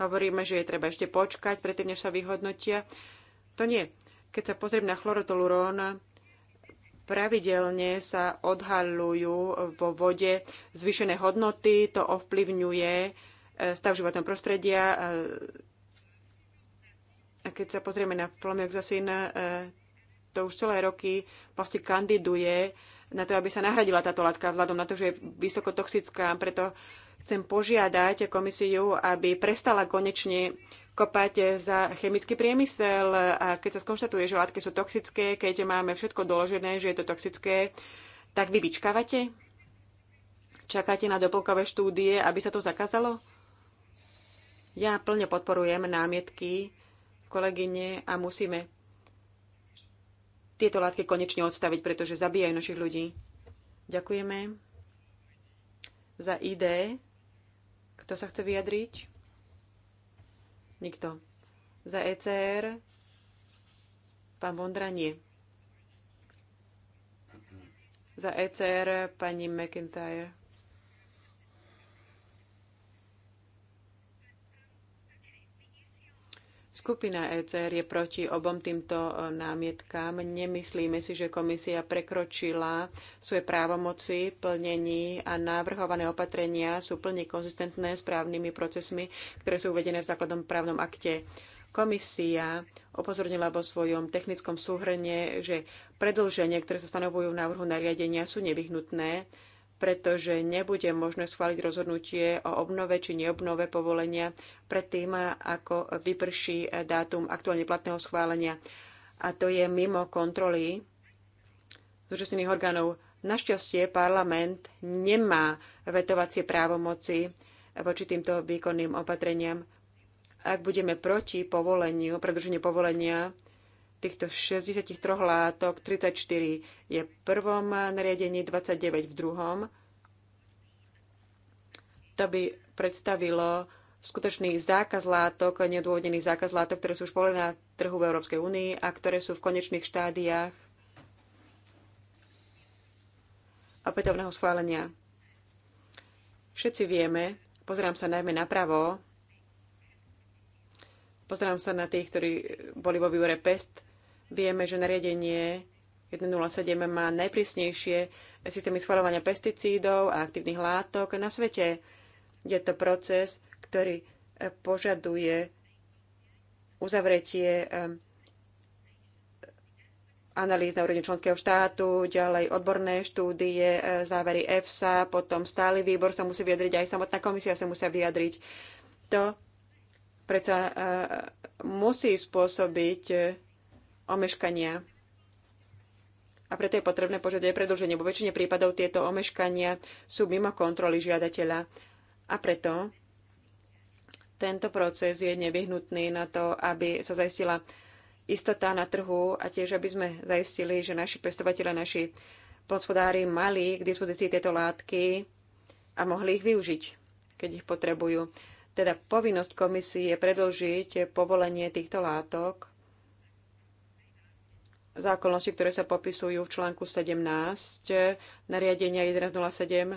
Hovoríme, že je treba ešte počkať, predtým, než sa vyhodnotia. To nie. Keď sa pozriem na chlorotolurón, Pravidelne sa odhalujú vo vode zvyšené hodnoty, to ovplyvňuje e, stav životného prostredia. E, a keď sa pozrieme na flomioxazín, e, to už celé roky vlastne kandiduje na to, aby sa nahradila táto látka vzhľadom na to, že je vysokotoxická. Preto chcem požiadať komisiu, aby prestala konečne kopať za chemický priemysel a keď sa skonštatuje, že látky sú toxické, keď máme všetko doložené, že je to toxické, tak vy vyčkávate? Čakáte na doplnkové štúdie, aby sa to zakázalo? Ja plne podporujem námietky kolegyne a musíme tieto látky konečne odstaviť, pretože zabíjajú našich ľudí. Ďakujeme za ID. Kto sa chce vyjadriť? Nikto. Za ECR pán Vondra nie. Za ECR pani McIntyre. Skupina ECR je proti obom týmto e, námietkám. Nemyslíme si, že komisia prekročila svoje právomoci plnení a návrhované opatrenia sú plne konzistentné s právnymi procesmi, ktoré sú uvedené v základnom právnom akte. Komisia upozornila vo svojom technickom súhrne, že predlženie, ktoré sa stanovujú v návrhu nariadenia, sú nevyhnutné pretože nebude možné schváliť rozhodnutie o obnove či neobnove povolenia predtým, ako vyprší dátum aktuálne platného schválenia. A to je mimo kontroly zúčastnených orgánov. Našťastie parlament nemá vetovacie právomoci voči týmto výkonným opatreniam. Ak budeme proti povoleniu, predlženiu povolenia, týchto 63 látok 34 je v prvom nariadení, 29 v druhom. To by predstavilo skutočný zákaz látok, nedôvodnený zákaz látok, ktoré sú už povolené na trhu v Európskej únii a ktoré sú v konečných štádiách opätovného schválenia. Všetci vieme, pozerám sa najmä napravo, Pozerám sa na tých, ktorí boli vo výbore PEST. Vieme, že nariadenie 107 má najprísnejšie systémy schvaľovania pesticídov a aktívnych látok na svete. Je to proces, ktorý eh, požaduje uzavretie eh, analýz na úrovni členského štátu, ďalej odborné štúdie, eh, závery EFSA, potom stály výbor sa musí vyjadriť, aj samotná komisia sa musia vyjadriť. To predsa e, musí spôsobiť e, omeškania. A preto je potrebné požiadať aj predlženie. Vo väčšine prípadov tieto omeškania sú mimo kontroly žiadateľa. A preto tento proces je nevyhnutný na to, aby sa zaistila istota na trhu a tiež, aby sme zaistili, že naši pestovateľe, naši plnospodári mali k dispozícii tieto látky a mohli ich využiť, keď ich potrebujú. Teda povinnosť komisie predlžiť povolenie týchto látok za okolnosti, ktoré sa popisujú v článku 17 nariadenia 1107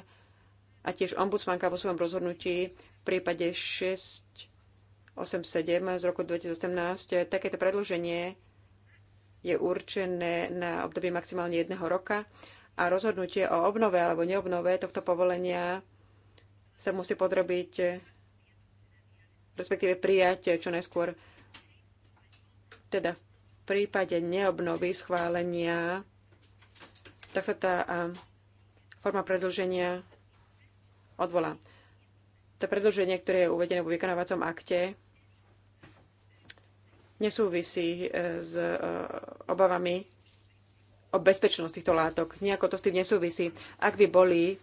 a tiež ombudsmanka vo svojom rozhodnutí v prípade 687 z roku 2018 takéto predlženie je určené na obdobie maximálne jedného roka a rozhodnutie o obnove alebo neobnove tohto povolenia sa musí podrobiť respektíve prijať čo najskôr. Teda v prípade neobnovy schválenia, tak sa tá forma predlženia odvolá. To predlženie, ktoré je uvedené vo vykonávacom akte, nesúvisí e, s e, obavami o bezpečnosť týchto látok. Nejako to s tým nesúvisí. Ak by boli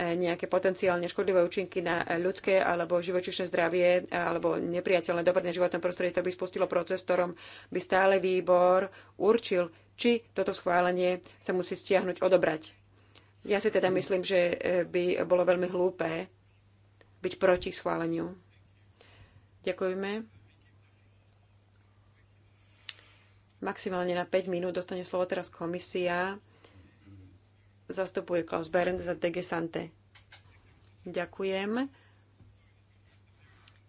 nejaké potenciálne škodlivé účinky na ľudské alebo živočišné zdravie alebo nepriateľné dopadne životné prostredie, to by spustilo proces, ktorom by stále výbor určil, či toto schválenie sa musí stiahnuť, odobrať. Ja si teda myslím, že e, by bolo veľmi hlúpe byť proti schváleniu. Ďakujeme. Maximálne na 5 minút dostane slovo teraz komisia zastupuje Klaus Berend za DG Sante. Ďakujem.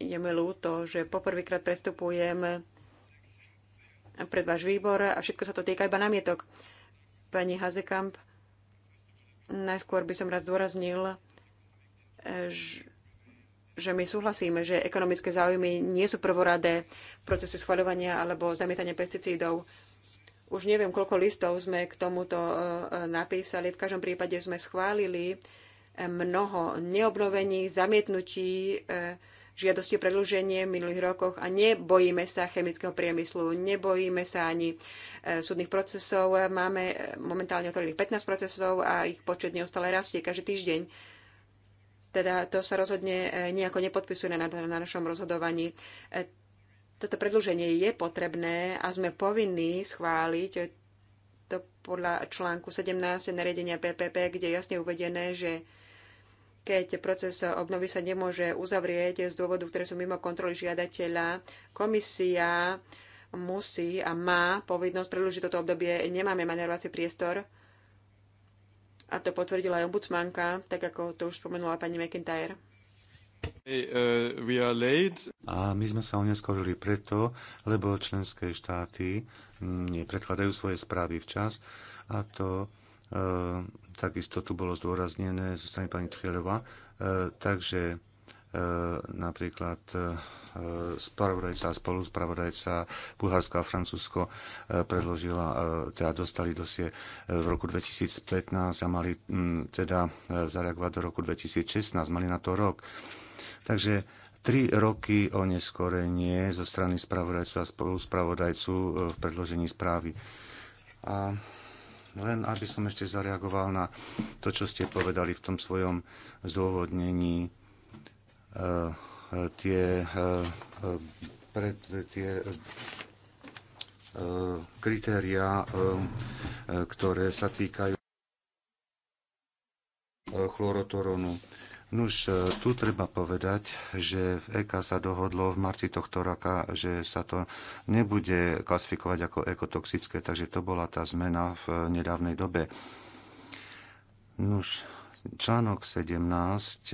Je mi ľúto, že poprvýkrát prestupujem pred váš výbor a všetko sa to týka iba namietok. Pani Hazekamp, najskôr by som rád zdôraznil, že my súhlasíme, že ekonomické záujmy nie sú prvoradé v procese schvaľovania alebo zamietania pesticídov. Už neviem, koľko listov sme k tomuto e, napísali. V každom prípade sme schválili e, mnoho neobnovení, zamietnutí, e, žiadosti o predlženie v minulých rokoch a nebojíme sa chemického priemyslu, nebojíme sa ani súdnych procesov. Máme momentálne otvorených 15 procesov a ich počet neustále rastie každý týždeň. Teda to sa rozhodne nejako nepodpisuje na, na našom rozhodovaní toto predlženie je potrebné a sme povinní schváliť to podľa článku 17 nariadenia PPP, kde je jasne uvedené, že keď proces obnovy sa nemôže uzavrieť z dôvodu, ktoré sú mimo kontroly žiadateľa, komisia musí a má povinnosť predlžiť toto obdobie. Nemáme manerovací priestor. A to potvrdila aj ombudsmanka, tak ako to už spomenula pani McIntyre. Uh, a my sme sa oneskorili preto, lebo členské štáty mm, nepredkladajú svoje správy včas a to e, takisto tu bolo zdôraznené zo strany pani Tchielová. E, uh, takže e, napríklad e, spravodajca a spoluspravodajca Bulharsko a Francúzsko e, predložila, e, teda dostali dosie v roku 2015 a mali m, mm, teda zareagovať do roku 2016, mali na to rok. Takže tri roky o neskorenie zo strany spravodajcu a spoluspravodajcu e, v predložení správy. A len aby som ešte zareagoval na to, čo ste povedali v tom svojom zdôvodnení. E, tie, e, e pred, tie e, kritéria, e, ktoré sa týkajú chlorotoronu. Nuž, e, tu treba povedať, že v EK sa dohodlo v marci tohto roka, že sa to nebude klasifikovať ako ekotoxické, takže to bola tá zmena v nedávnej dobe. Nuž, článok 17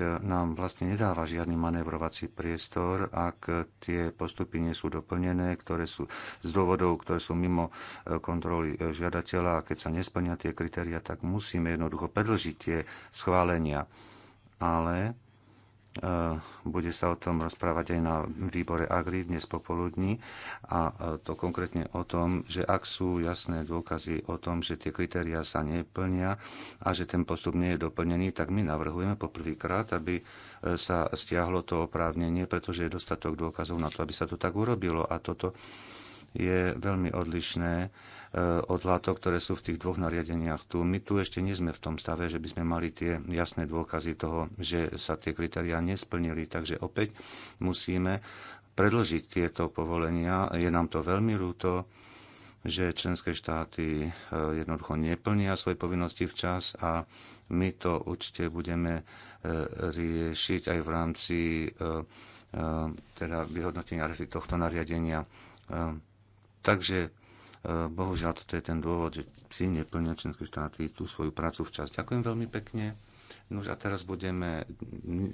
e, nám vlastne nedáva žiadny manevrovací priestor, ak tie postupy nie sú doplnené, ktoré sú z dôvodov, ktoré sú mimo e, kontroly žiadateľa a keď sa nesplnia tie kritéria, tak musíme jednoducho predlžiť tie schválenia ale e, bude sa o tom rozprávať aj na výbore Agri dnes popoludní a e, to konkrétne o tom, že ak sú jasné dôkazy o tom, že tie kritériá sa neplnia a že ten postup nie je doplnený, tak my navrhujeme poprvýkrát, aby e, sa stiahlo to oprávnenie, pretože je dostatok dôkazov na to, aby sa to tak urobilo. A toto je veľmi odlišné Eh, od látok, ktoré sú v tých dvoch nariadeniach tu. My tu ešte nie sme v tom stave, že by sme mali tie jasné dôkazy toho, že sa tie kritériá nesplnili. Takže opäť musíme predlžiť tieto povolenia. Je nám to veľmi ľúto, že členské štáty eh, jednoducho neplnia svoje povinnosti včas a my to určite budeme eh, riešiť aj v rámci teda vyhodnotenia tohto nariadenia. Takže Eh, bohužiaľ, toto je ten dôvod, že si neplnia členské štáty tú svoju prácu včas. Ďakujem veľmi pekne. No a teraz budeme,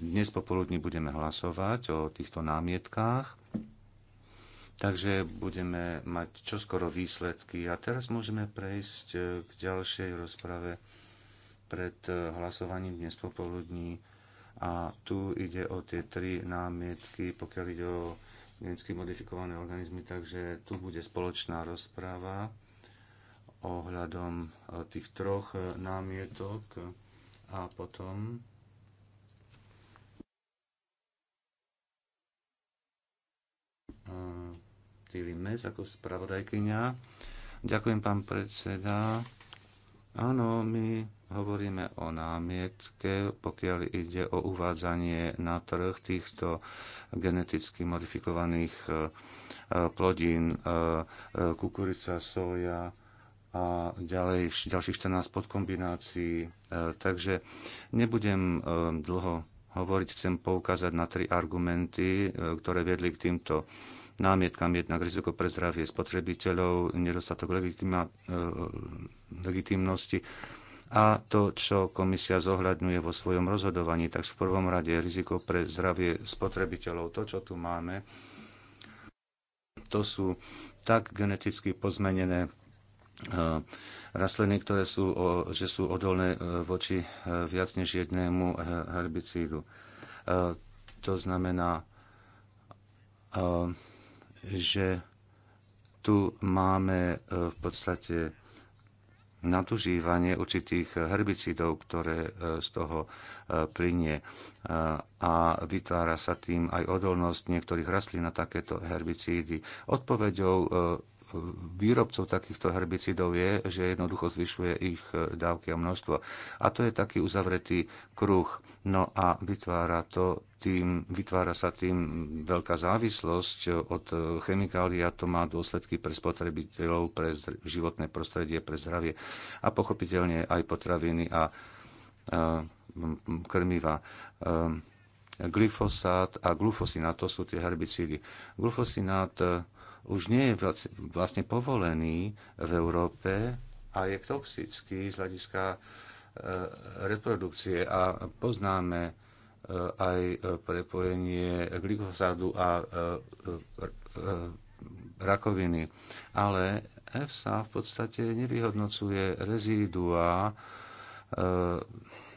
dnes popoludní budeme hlasovať o týchto námietkách. Takže budeme mať čoskoro výsledky. A teraz môžeme prejsť eh, k ďalšej rozprave pred eh, hlasovaním dnes popoludní. A tu ide o tie tri námietky, pokiaľ ide o geneticky modifikované organizmy, takže tu bude spoločná rozpráva ohľadom e, tých troch e, námietok a potom e, Týli Mes ako spravodajkynia. Ďakujem, pán predseda. Áno, my Hovoríme o námietke, pokiaľ ide o uvádzanie na trh týchto geneticky modifikovaných e, e, plodín, e, kukurica, soja, a ďalej, ďalších 14 podkombinácií. Takže nebudem dlho hovoriť, chcem poukázať na tri argumenty, ktoré viedli k týmto námietkam. Jednak riziko pre zdravie spotrebiteľov, nedostatok legitima, legitimnosti a to, čo komisia zohľadňuje vo svojom rozhodovaní, tak v prvom rade riziko pre zdravie spotrebiteľov. To, čo tu máme, to sú tak geneticky pozmenené e, rastliny, ktoré sú, že sú odolné e, voči e, viac než jednému herbicídu. To znamená, že tu máme v podstate nadužívanie určitých herbicidov, ktoré e, z toho e, plinie e, a vytvára sa tým aj odolnosť niektorých rastlín na takéto herbicídy. Odpovedou výrobcov takýchto herbicidov je, že jednoducho zvyšuje ich eh, dávky a množstvo. A to je taký uzavretý kruh. No a vytvára, to tým, vytvára sa tým veľká závislosť eh, od eh, chemikálií a to má dôsledky pre spotrebiteľov, pre životné prostredie, pre zdravie a pochopiteľne aj potraviny a krmiva. Ehm, glyfosát a glufosinát, to sú tie herbicídy. Glufosinát už nie je vlastne povolený v Európe a je toxický z hľadiska e, reprodukcie a poznáme e, aj prepojenie glykosádu a e, rakoviny. Ale EFSA v podstate nevyhodnocuje rezídua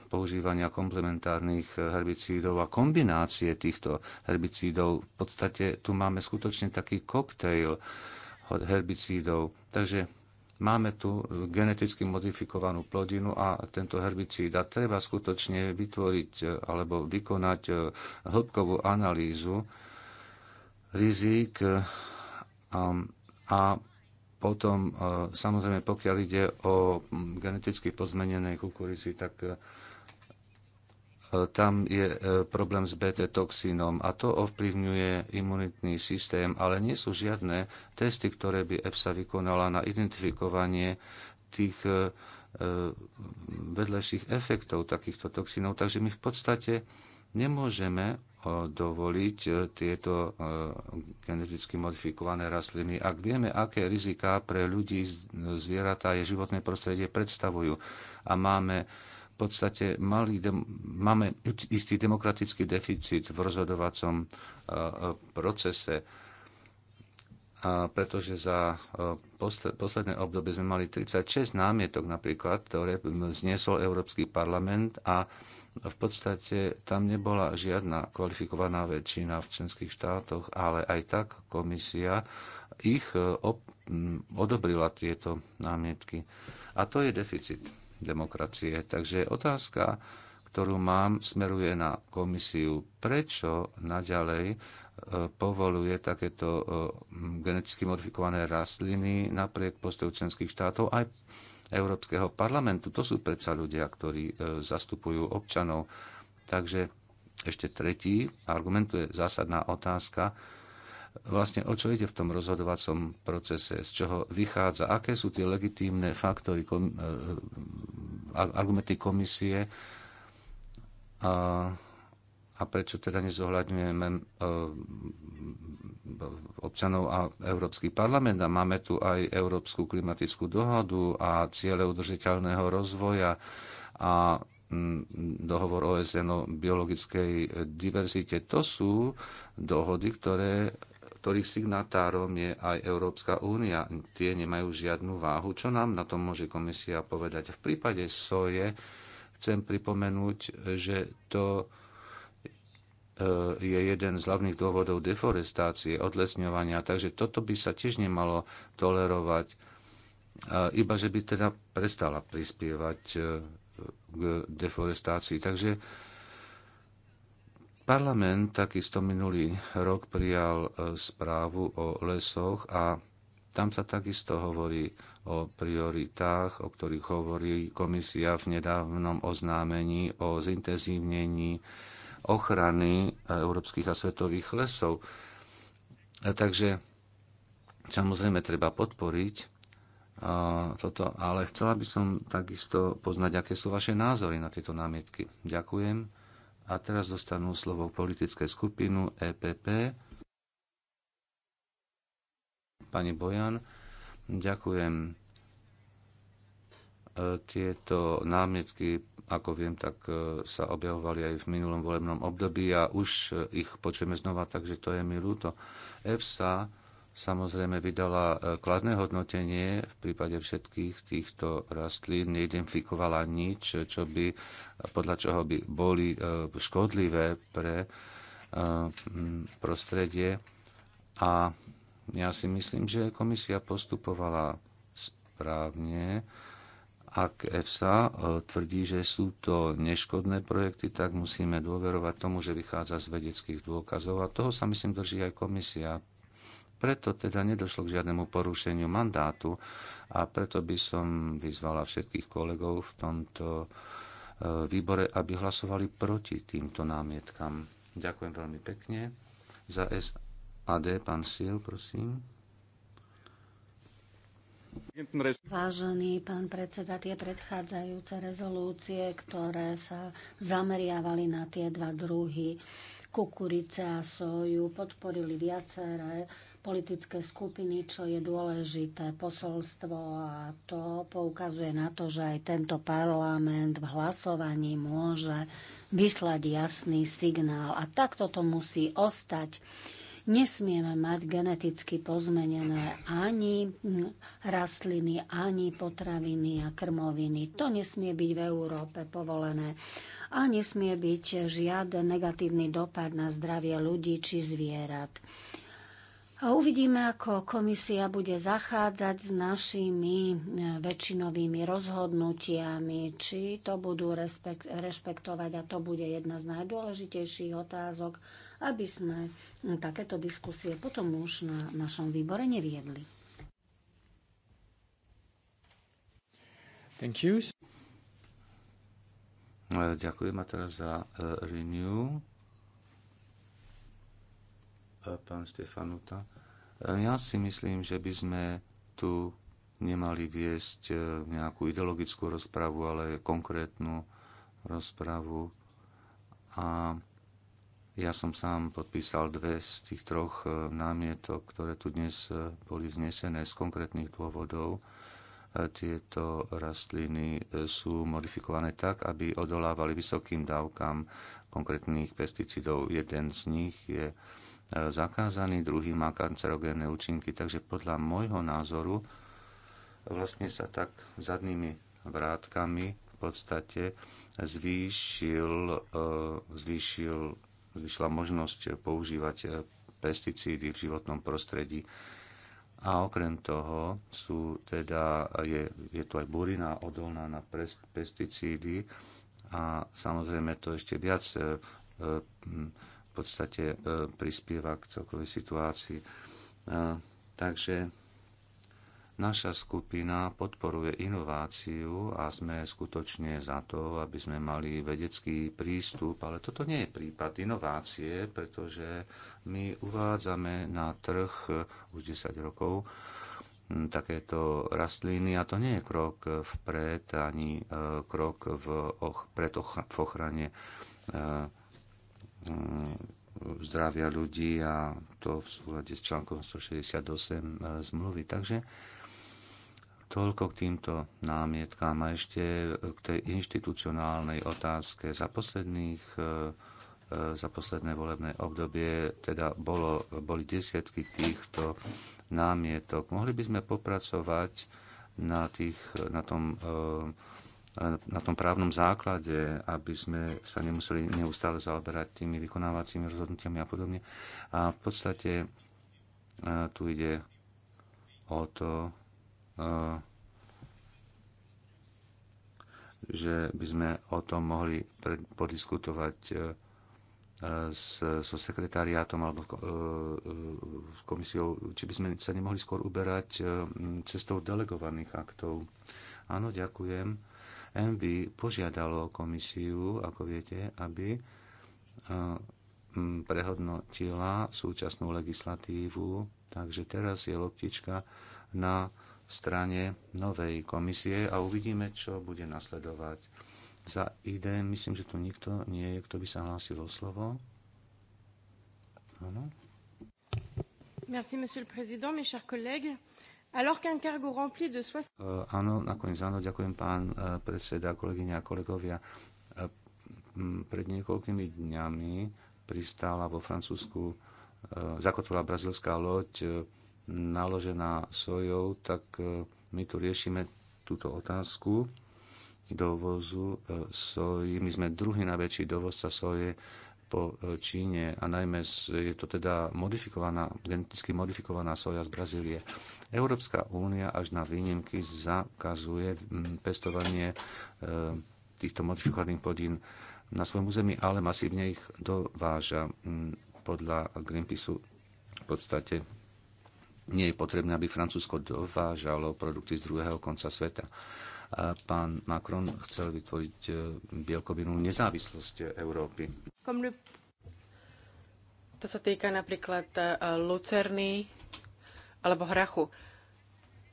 používania komplementárnych herbicídov a kombinácie týchto herbicídov. V podstate tu máme skutočne taký koktejl herbicídov. Takže máme tu geneticky modifikovanú plodinu a tento herbicíd a treba skutočne vytvoriť e, alebo vykonať e, hĺbkovú analýzu rizik e, a potom, samozrejme, pokiaľ ide o geneticky pozmenené kukurici, tak tam je e, problém s BT toxínom a to ovplyvňuje imunitný systém, ale nie sú žiadne testy, ktoré by EFSA vykonala na identifikovanie tých e, e, vedľajších efektov takýchto toxínov. Takže my v podstate nemôžeme dovoliť tieto geneticky modifikované rastliny, ak vieme, aké riziká pre ľudí, zvieratá je životné prostredie predstavujú. A máme podstate mali, máme istý demokratický deficit v rozhodovacom e, procese, a pretože za e, posledné obdobie sme mali 36 námietok napríklad, ktoré zniesol Európsky parlament a v podstate tam nebola žiadna kvalifikovaná väčšina v členských štátoch, ale aj tak komisia ich e, odobrila tieto námietky. A to je deficit demokracie. Takže otázka, ktorú mám, smeruje na komisiu. Prečo naďalej e, povoluje takéto e, geneticky modifikované rastliny napriek postoju členských štátov aj Európskeho parlamentu. To sú predsa ľudia, ktorí e, zastupujú občanov. Takže ešte tretí argument, to je zásadná otázka vlastne o čo ide v tom rozhodovacom procese, z čoho vychádza, aké sú tie legitímne faktory, kom, e, e, argumenty komisie a, a prečo teda nezohľadňujeme e, občanov a Európsky parlament. A máme tu aj Európsku klimatickú dohodu a ciele udržiteľného rozvoja a dohovor OSN o biologickej diverzite. To sú dohody, ktoré ktorých signatárom je aj Európska únia. Tie nemajú žiadnu váhu. Čo nám na tom môže komisia povedať? V prípade SOJE chcem pripomenúť, že to e, je jeden z hlavných dôvodov deforestácie, odlesňovania, takže toto by sa tiež nemalo tolerovať, e, iba že by teda prestala prispievať e, k deforestácii. Takže Parlament takisto minulý rok prijal e, správu o lesoch a tam sa takisto hovorí o prioritách, o ktorých hovorí komisia v nedávnom oznámení o zintenzívnení ochrany e, európskych a svetových lesov. E, takže samozrejme treba podporiť toto, ale chcela by som takisto poznať, aké sú vaše názory na tieto námietky. Ďakujem. A teraz dostanú slovo politické skupinu EPP. Pani Bojan, ďakujem. E, tieto námietky, ako viem, tak e, sa objavovali aj v minulom volebnom období a už e, ich počujeme znova, takže to je mi ľúto. EFSA samozrejme vydala e, kladné hodnotenie v prípade všetkých týchto rastlín, neidentifikovala nič, čo by, podľa čoho by boli e, škodlivé pre e, prostredie. A ja si myslím, že komisia postupovala správne. Ak EFSA tvrdí, že sú to neškodné projekty, tak musíme dôverovať tomu, že vychádza z vedeckých dôkazov. A toho sa, myslím, drží aj komisia preto teda nedošlo k žiadnemu porušeniu mandátu a preto by som vyzvala všetkých kolegov v tomto e, výbore, aby hlasovali proti týmto námietkam. Ďakujem veľmi pekne. Za SAD, pán Sil, prosím. Vážený pán predseda, tie predchádzajúce rezolúcie, ktoré sa zameriavali na tie dva druhy kukurice a soju, podporili viaceré politické skupiny, čo je dôležité posolstvo a to poukazuje na to, že aj tento parlament v hlasovaní môže vyslať jasný signál a takto to musí ostať. Nesmieme mať geneticky pozmenené ani rastliny, ani potraviny a krmoviny. To nesmie byť v Európe povolené a nesmie byť žiaden negatívny dopad na zdravie ľudí či zvierat. Uvidíme, ako komisia bude zachádzať s našimi e, väčšinovými rozhodnutiami, či to budú respekt, rešpektovať a to bude jedna z najdôležitejších otázok, aby sme takéto diskusie potom už na našom výbore neviedli. Thank you. E, ďakujem a teraz za uh, Renew pán Stefanuta. E, ja si myslím, že by sme tu nemali viesť e, nejakú ideologickú rozpravu, ale konkrétnu rozpravu. A ja som sám podpísal dve z tých troch e, námietok, ktoré tu dnes boli vznesené z konkrétnych dôvodov. Tieto rastliny sú modifikované tak, aby odolávali vysokým dávkam konkrétnych pesticídov. Jeden z nich je E, zakázaný, druhý má kancerogénne účinky. Takže podľa môjho názoru vlastne sa tak zadnými vrátkami v podstate zvýšil, e, zvýšil, zvýšila možnosť používať e, pesticídy v životnom prostredí. A okrem toho sú teda, je, je tu aj burina odolná na pesticídy a samozrejme to ešte viac podstate e, prispieva k celkovej situácii. E, takže naša skupina podporuje inováciu a sme skutočne za to, aby sme mali vedecký prístup, ale toto nie je prípad inovácie, pretože my uvádzame na trh e, už 10 rokov takéto rastliny a to nie je krok vpred ani krok v, och, pred och, v ochrane Mm, zdravia ľudí a to v súlade s článkom 168 e, zmluvy. Takže toľko k týmto námietkám a ešte k tej inštitucionálnej otázke. Za posledných e, e, za posledné volebné obdobie teda bolo, boli desiatky týchto námietok. Mohli by sme popracovať na, tých, na tom na tom právnom základe, aby sme sa nemuseli neustále zaoberať tými vykonávacími rozhodnutiami a podobne. A v podstate e, tu ide o to, e, že by sme o tom mohli podiskutovať e, so sekretariátom alebo s komisiou, či by sme sa nemohli skôr uberať cestou delegovaných aktov. Áno, ďakujem. Envy požiadalo komisiu, ako viete, aby e, prehodnotila súčasnú legislatívu, takže teraz je loptička na strane novej komisie a uvidíme, čo bude nasledovať. Za ID myslím, že tu nikto nie je, kto by sa hlásil o slovo. Áno. Merci, monsieur le président, mes chers collègues. Alors qu'un cargo rempli de Euh, Áno, nakoniec áno, ďakujem pán uh, predseda, kolegyne a kolegovia. Uh, m, Pred niekoľkými dňami pristála vo Francúzsku, uh, zakotvila brazilská loď uh, naložená sojou, tak uh, my tu riešime túto otázku dovozu uh, soji. My sme druhý najväčší dovozca soje uh, po e, Číne a najmä je to teda modifikovaná, geneticky modifikovaná soja z Brazílie. Európska únia až na výnimky zakazuje pestovanie e, týchto modifikovaných plodín na svojom území, ale masívne ich dováža podľa Greenpeaceu v podstate nie je potrebné, aby Francúzsko dovážalo produkty z druhého konca sveta. A pán Macron chcel vytvoriť e, bielkovinu nezávislosť Európy. To sa týka napríklad e, lucerny alebo hrachu.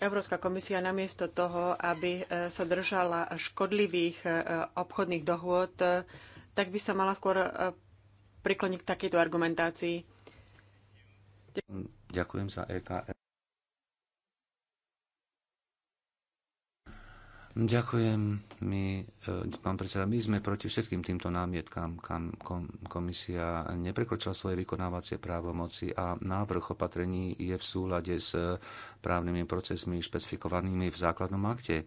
Európska komisia namiesto toho, aby e, sa držala škodlivých e, obchodných dohôd, tak by sa mala skôr prikloniť k takejto argumentácii. Ďakujem za EKR. Ďakujem. My, e, pán predseda, my sme proti všetkým týmto námietkám, kam komisia neprekročila svoje vykonávacie právomoci a návrh opatrení je v súlade s e, právnymi procesmi špecifikovanými v základnom akte.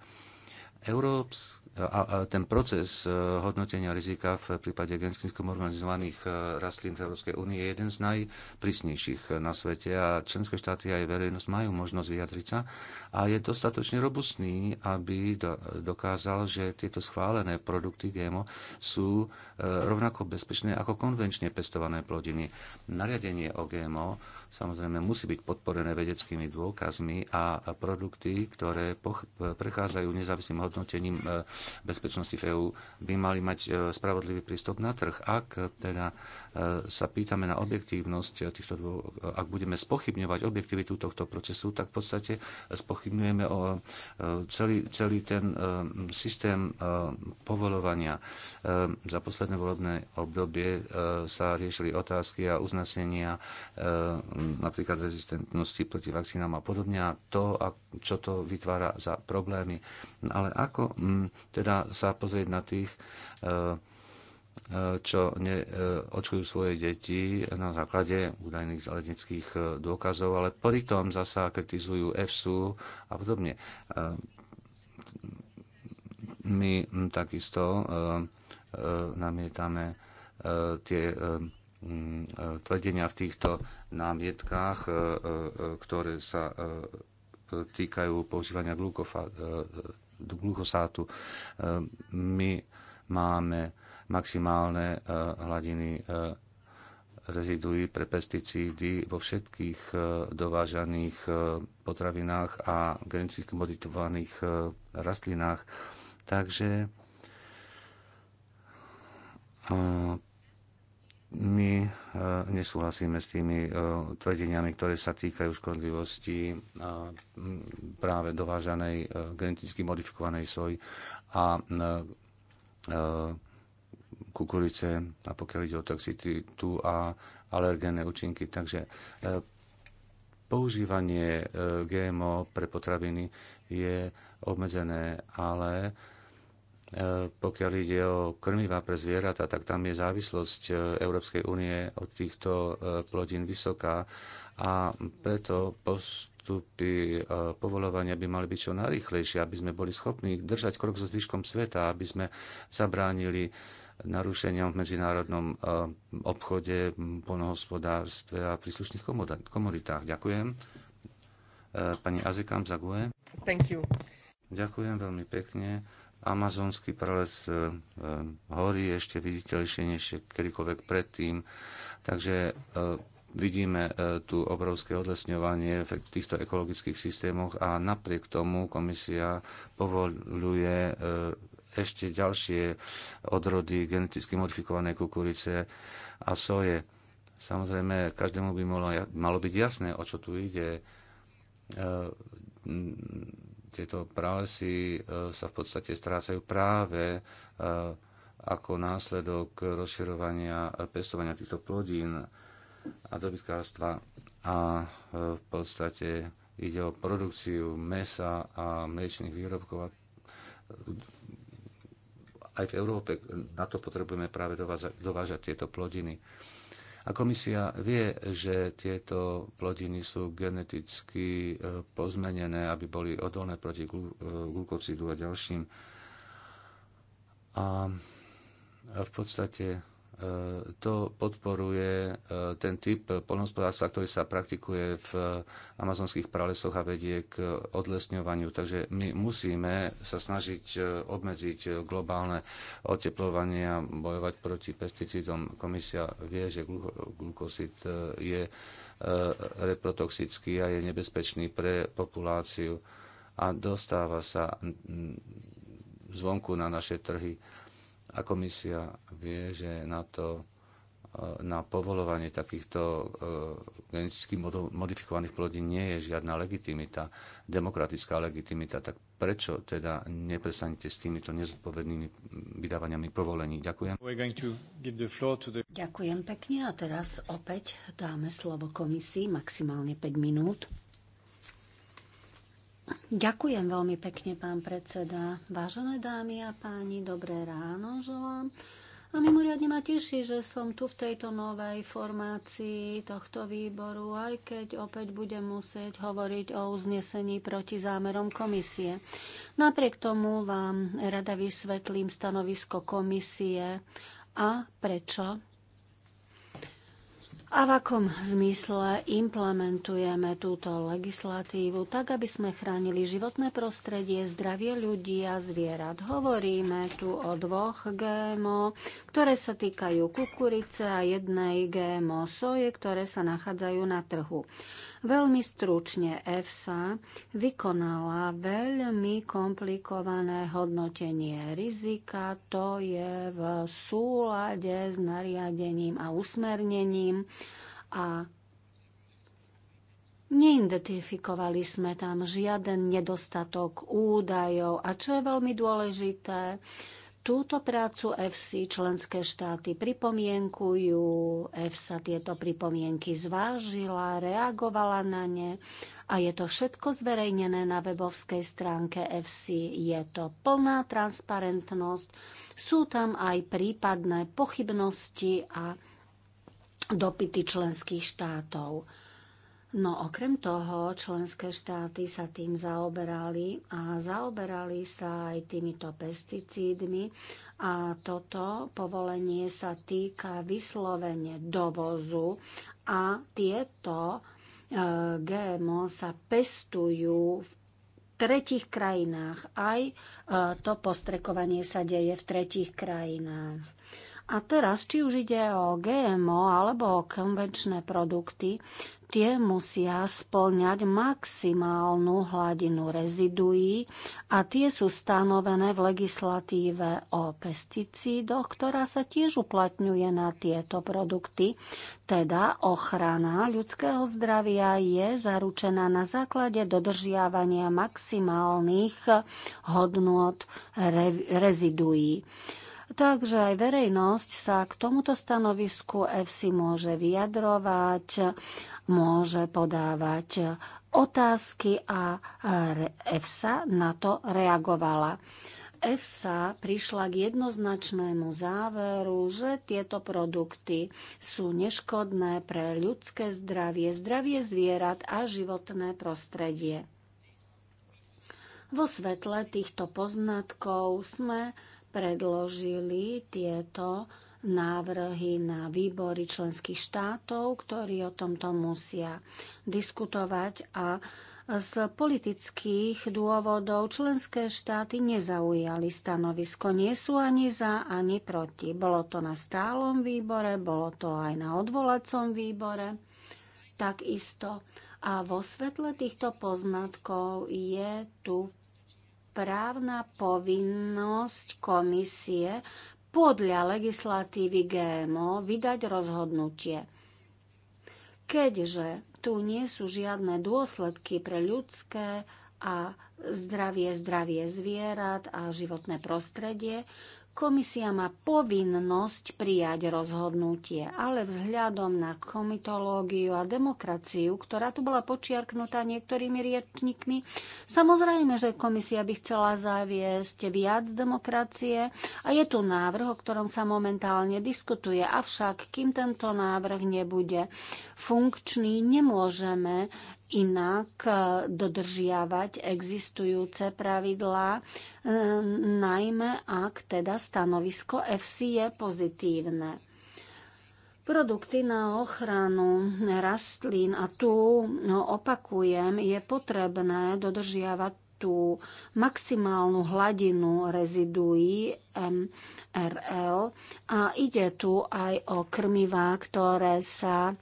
Európsk a, a ten proces e, hodnotenia rizika v prípade genetickým organizovaných e, rastlín v Európskej únii je jeden z najprísnejších e, na svete a členské štáty aj verejnosť majú možnosť vyjadriť sa a je dostatočne robustný, aby do, dokázal, že tieto schválené produkty GMO sú rovnako bezpečné ako konvenčne pestované plodiny. Nariadenie o GMO samozrejme musí byť podporené vedeckými dôkazmi a produkty, ktoré prechádzajú nezávislým hodnotením e, bezpečnosti v EÚ, by mali mať e, spravodlivý prístup na trh. Ak teda sa pýtame na objektívnosť týchto dvoch, ak budeme spochybňovať objektivitu tohto procesu, tak v podstate spochybňujeme o e, celý, celý ten e, systém e, povolovania. Za posledné volebné obdobie sa riešili otázky a uznesenia napríklad rezistentnosti proti vakcínám a podobne a to, čo to vytvára za problémy. Ale ako teda sa pozrieť na tých E, čo neočkujú svoje deti na základe údajných zalednických e, dôkazov, ale pritom zasa kritizujú EFSU a podobne. E, my takisto namietame tie tvrdenia v týchto námietkách, ktoré sa týkajú používania glukosátu. My máme maximálne eh, hladiny eh, rezidují pre pesticídy vo všetkých eh, dovážaných potravinách a geneticky modifikovaných rastlinách. Takže my nesúhlasíme s tými tvrdeniami, ktoré sa týkajú škodlivosti práve dovážanej geneticky modifikovanej soji a kukurice a pokiaľ ide o toxicitu a alergénne účinky. Takže e, používanie e, GMO pre potraviny je obmedzené, ale e, pokiaľ ide o krmivá pre zvieratá, tak tam je závislosť Európskej únie od týchto plodín vysoká a preto postupy povolovania by mali byť čo najrychlejšie, aby sme boli schopní držať krok so zvyškom sveta, aby sme zabránili narušeniam v medzinárodnom eh, obchode, polnohospodárstve a príslušných komoditách. Ďakujem. Eh, pani Azikam Zague. Thank you. Ďakujem veľmi pekne. Amazonský prales eh, horí ešte viditeľšie než kedykoľvek predtým. Takže vidíme tu obrovské odlesňovanie v týchto ekologických systémoch a napriek tomu komisia povoluje ešte ďalšie odrody geneticky modifikované kukurice a soje. Samozrejme, každému by malo, malo byť jasné, o čo tu ide. E, tieto pralesy e, sa v podstate strácajú práve e, ako následok rozširovania pestovania týchto plodín a dobytkárstva a v podstate ide o produkciu mesa a mliečných výrobkov aj v Európe na to potrebujeme práve dovážať tieto plodiny. A komisia vie, že tieto plodiny sú geneticky e, pozmenené, aby boli odolné proti e, glukocidu a ďalším. A v podstate E, to podporuje e, ten typ polnohospodárstva, ktorý sa praktikuje v amazonských pralesoch a vedie k odlesňovaniu. Takže my musíme sa snažiť e, obmedziť globálne oteplovanie a bojovať proti pesticídom. Komisia vie, že glukosid je reprotoxický a je nebezpečný pre populáciu a dostáva sa zvonku na naše trhy a komisia vie, že na to e, na povolovanie takýchto e, geneticky modifikovaných plodín nie je žiadna legitimita, demokratická legitimita, tak prečo teda neprestanete s týmito nezodpovednými vydávaniami povolení? Ďakujem. Ďakujem pekne a teraz opäť dáme slovo komisii maximálne 5 minút. Ďakujem veľmi pekne, pán predseda. Vážené dámy a páni, dobré ráno želám. A mimoriadne ma teší, že som tu v tejto novej formácii tohto výboru, aj keď opäť budem musieť hovoriť o uznesení proti zámerom komisie. Napriek tomu vám rada vysvetlím stanovisko komisie a prečo a v akom zmysle implementujeme túto legislatívu tak, aby sme chránili životné prostredie, zdravie ľudí a zvierat. Hovoríme tu o dvoch GMO, ktoré sa týkajú kukurice a jednej GMO soje, ktoré sa nachádzajú na trhu. Veľmi stručne EFSA vykonala veľmi komplikované hodnotenie rizika. To je v súlade s nariadením a usmernením a Neidentifikovali sme tam žiaden nedostatok údajov a čo je veľmi dôležité, túto prácu FC členské štáty pripomienkujú, EFSA tieto pripomienky zvážila, reagovala na ne a je to všetko zverejnené na webovskej stránke FC. Je to plná transparentnosť, sú tam aj prípadné pochybnosti a dopity členských štátov. No okrem toho, členské štáty sa tým zaoberali a zaoberali sa aj týmito pesticídmi a toto povolenie sa týka vyslovene dovozu a tieto e, GMO sa pestujú v tretich krajinách. Aj e, to postrekovanie sa deje v tretich krajinách. A teraz, či už ide o GMO alebo o konvenčné produkty, tie musia spĺňať maximálnu hladinu reziduí a tie sú stanovené v legislatíve o pesticídoch, ktorá sa tiež uplatňuje na tieto produkty. Teda ochrana ľudského zdravia je zaručená na základe dodržiavania maximálnych hodnôt reziduí. Takže aj verejnosť sa k tomuto stanovisku EFSI môže vyjadrovať môže podávať e, otázky a e, EFSA na to reagovala. EFSA prišla k jednoznačnému záveru, že tieto produkty sú neškodné pre ľudské zdravie, zdravie zvierat a životné prostredie. Vo svetle týchto poznatkov sme predložili tieto návrhy na výbory členských štátov, ktorí o tomto musia diskutovať a z politických dôvodov členské štáty nezaujali stanovisko. Nie sú ani za, ani proti. Bolo to na stálom výbore, bolo to aj na odvolacom výbore. Takisto. A vo svetle týchto poznatkov je tu právna povinnosť komisie podľa legislatívy GMO vydať rozhodnutie. Keďže tu nie sú žiadne dôsledky pre ľudské a zdravie, zdravie zvierat a životné prostredie, Komisia má povinnosť prijať rozhodnutie, ale vzhľadom na komitológiu a demokraciu, ktorá tu bola počiarknutá niektorými riečníkmi, samozrejme, že komisia by chcela zaviesť viac demokracie a je tu návrh, o ktorom sa momentálne diskutuje. Avšak, kým tento návrh nebude funkčný, nemôžeme inak e, dodržiavať existujúce pravidlá, e, najmä ak teda stanovisko FC je pozitívne. Produkty na ochranu rastlín, a tu no, opakujem, je potrebné dodržiavať tú maximálnu hladinu reziduí MRL a ide tu aj o krmivá, ktoré sa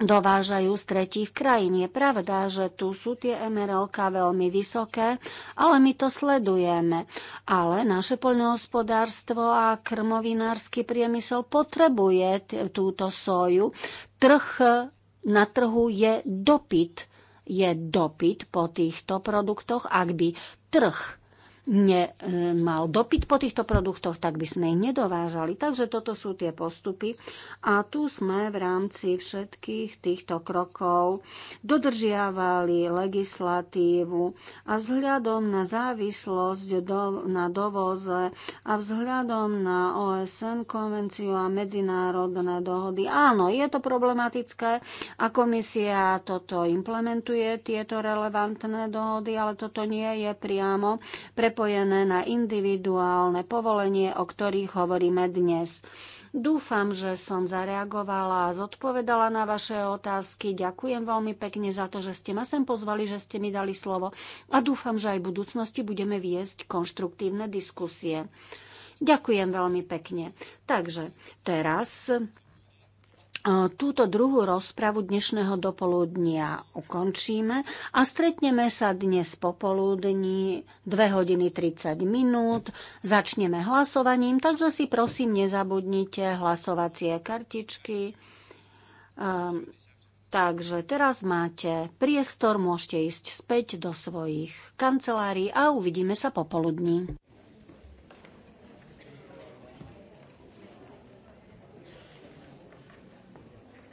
dovážajú z tretích krajín. Je pravda, že tu sú tie MRLK veľmi vysoké, ale my to sledujeme. Ale naše poľnohospodárstvo a krmovinársky priemysel potrebuje túto soju. Trh, na trhu je dopyt. Je dopyt po týchto produktoch, ak by trh nemal dopyt po týchto produktoch, tak by sme ich nedovážali. Takže toto sú tie postupy. A tu sme v rámci všetkých týchto krokov dodržiavali legislatívu a vzhľadom na závislosť do, na dovoze a vzhľadom na OSN konvenciu a medzinárodné dohody. Áno, je to problematické a komisia toto implementuje, tieto relevantné dohody, ale toto nie je priamo pre prepojené na individuálne povolenie, o ktorých hovoríme dnes. Dúfam, že som zareagovala a zodpovedala na vaše otázky. Ďakujem veľmi pekne za to, že ste ma sem pozvali, že ste mi dali slovo a dúfam, že aj v budúcnosti budeme viesť konštruktívne diskusie. Ďakujem veľmi pekne. Takže teraz Túto druhú rozpravu dnešného dopoludnia ukončíme a stretneme sa dnes popoludní 2 hodiny 30 minút. Začneme hlasovaním, takže si prosím nezabudnite hlasovacie kartičky. Ehm, takže teraz máte priestor, môžete ísť späť do svojich kancelárií a uvidíme sa popoludní.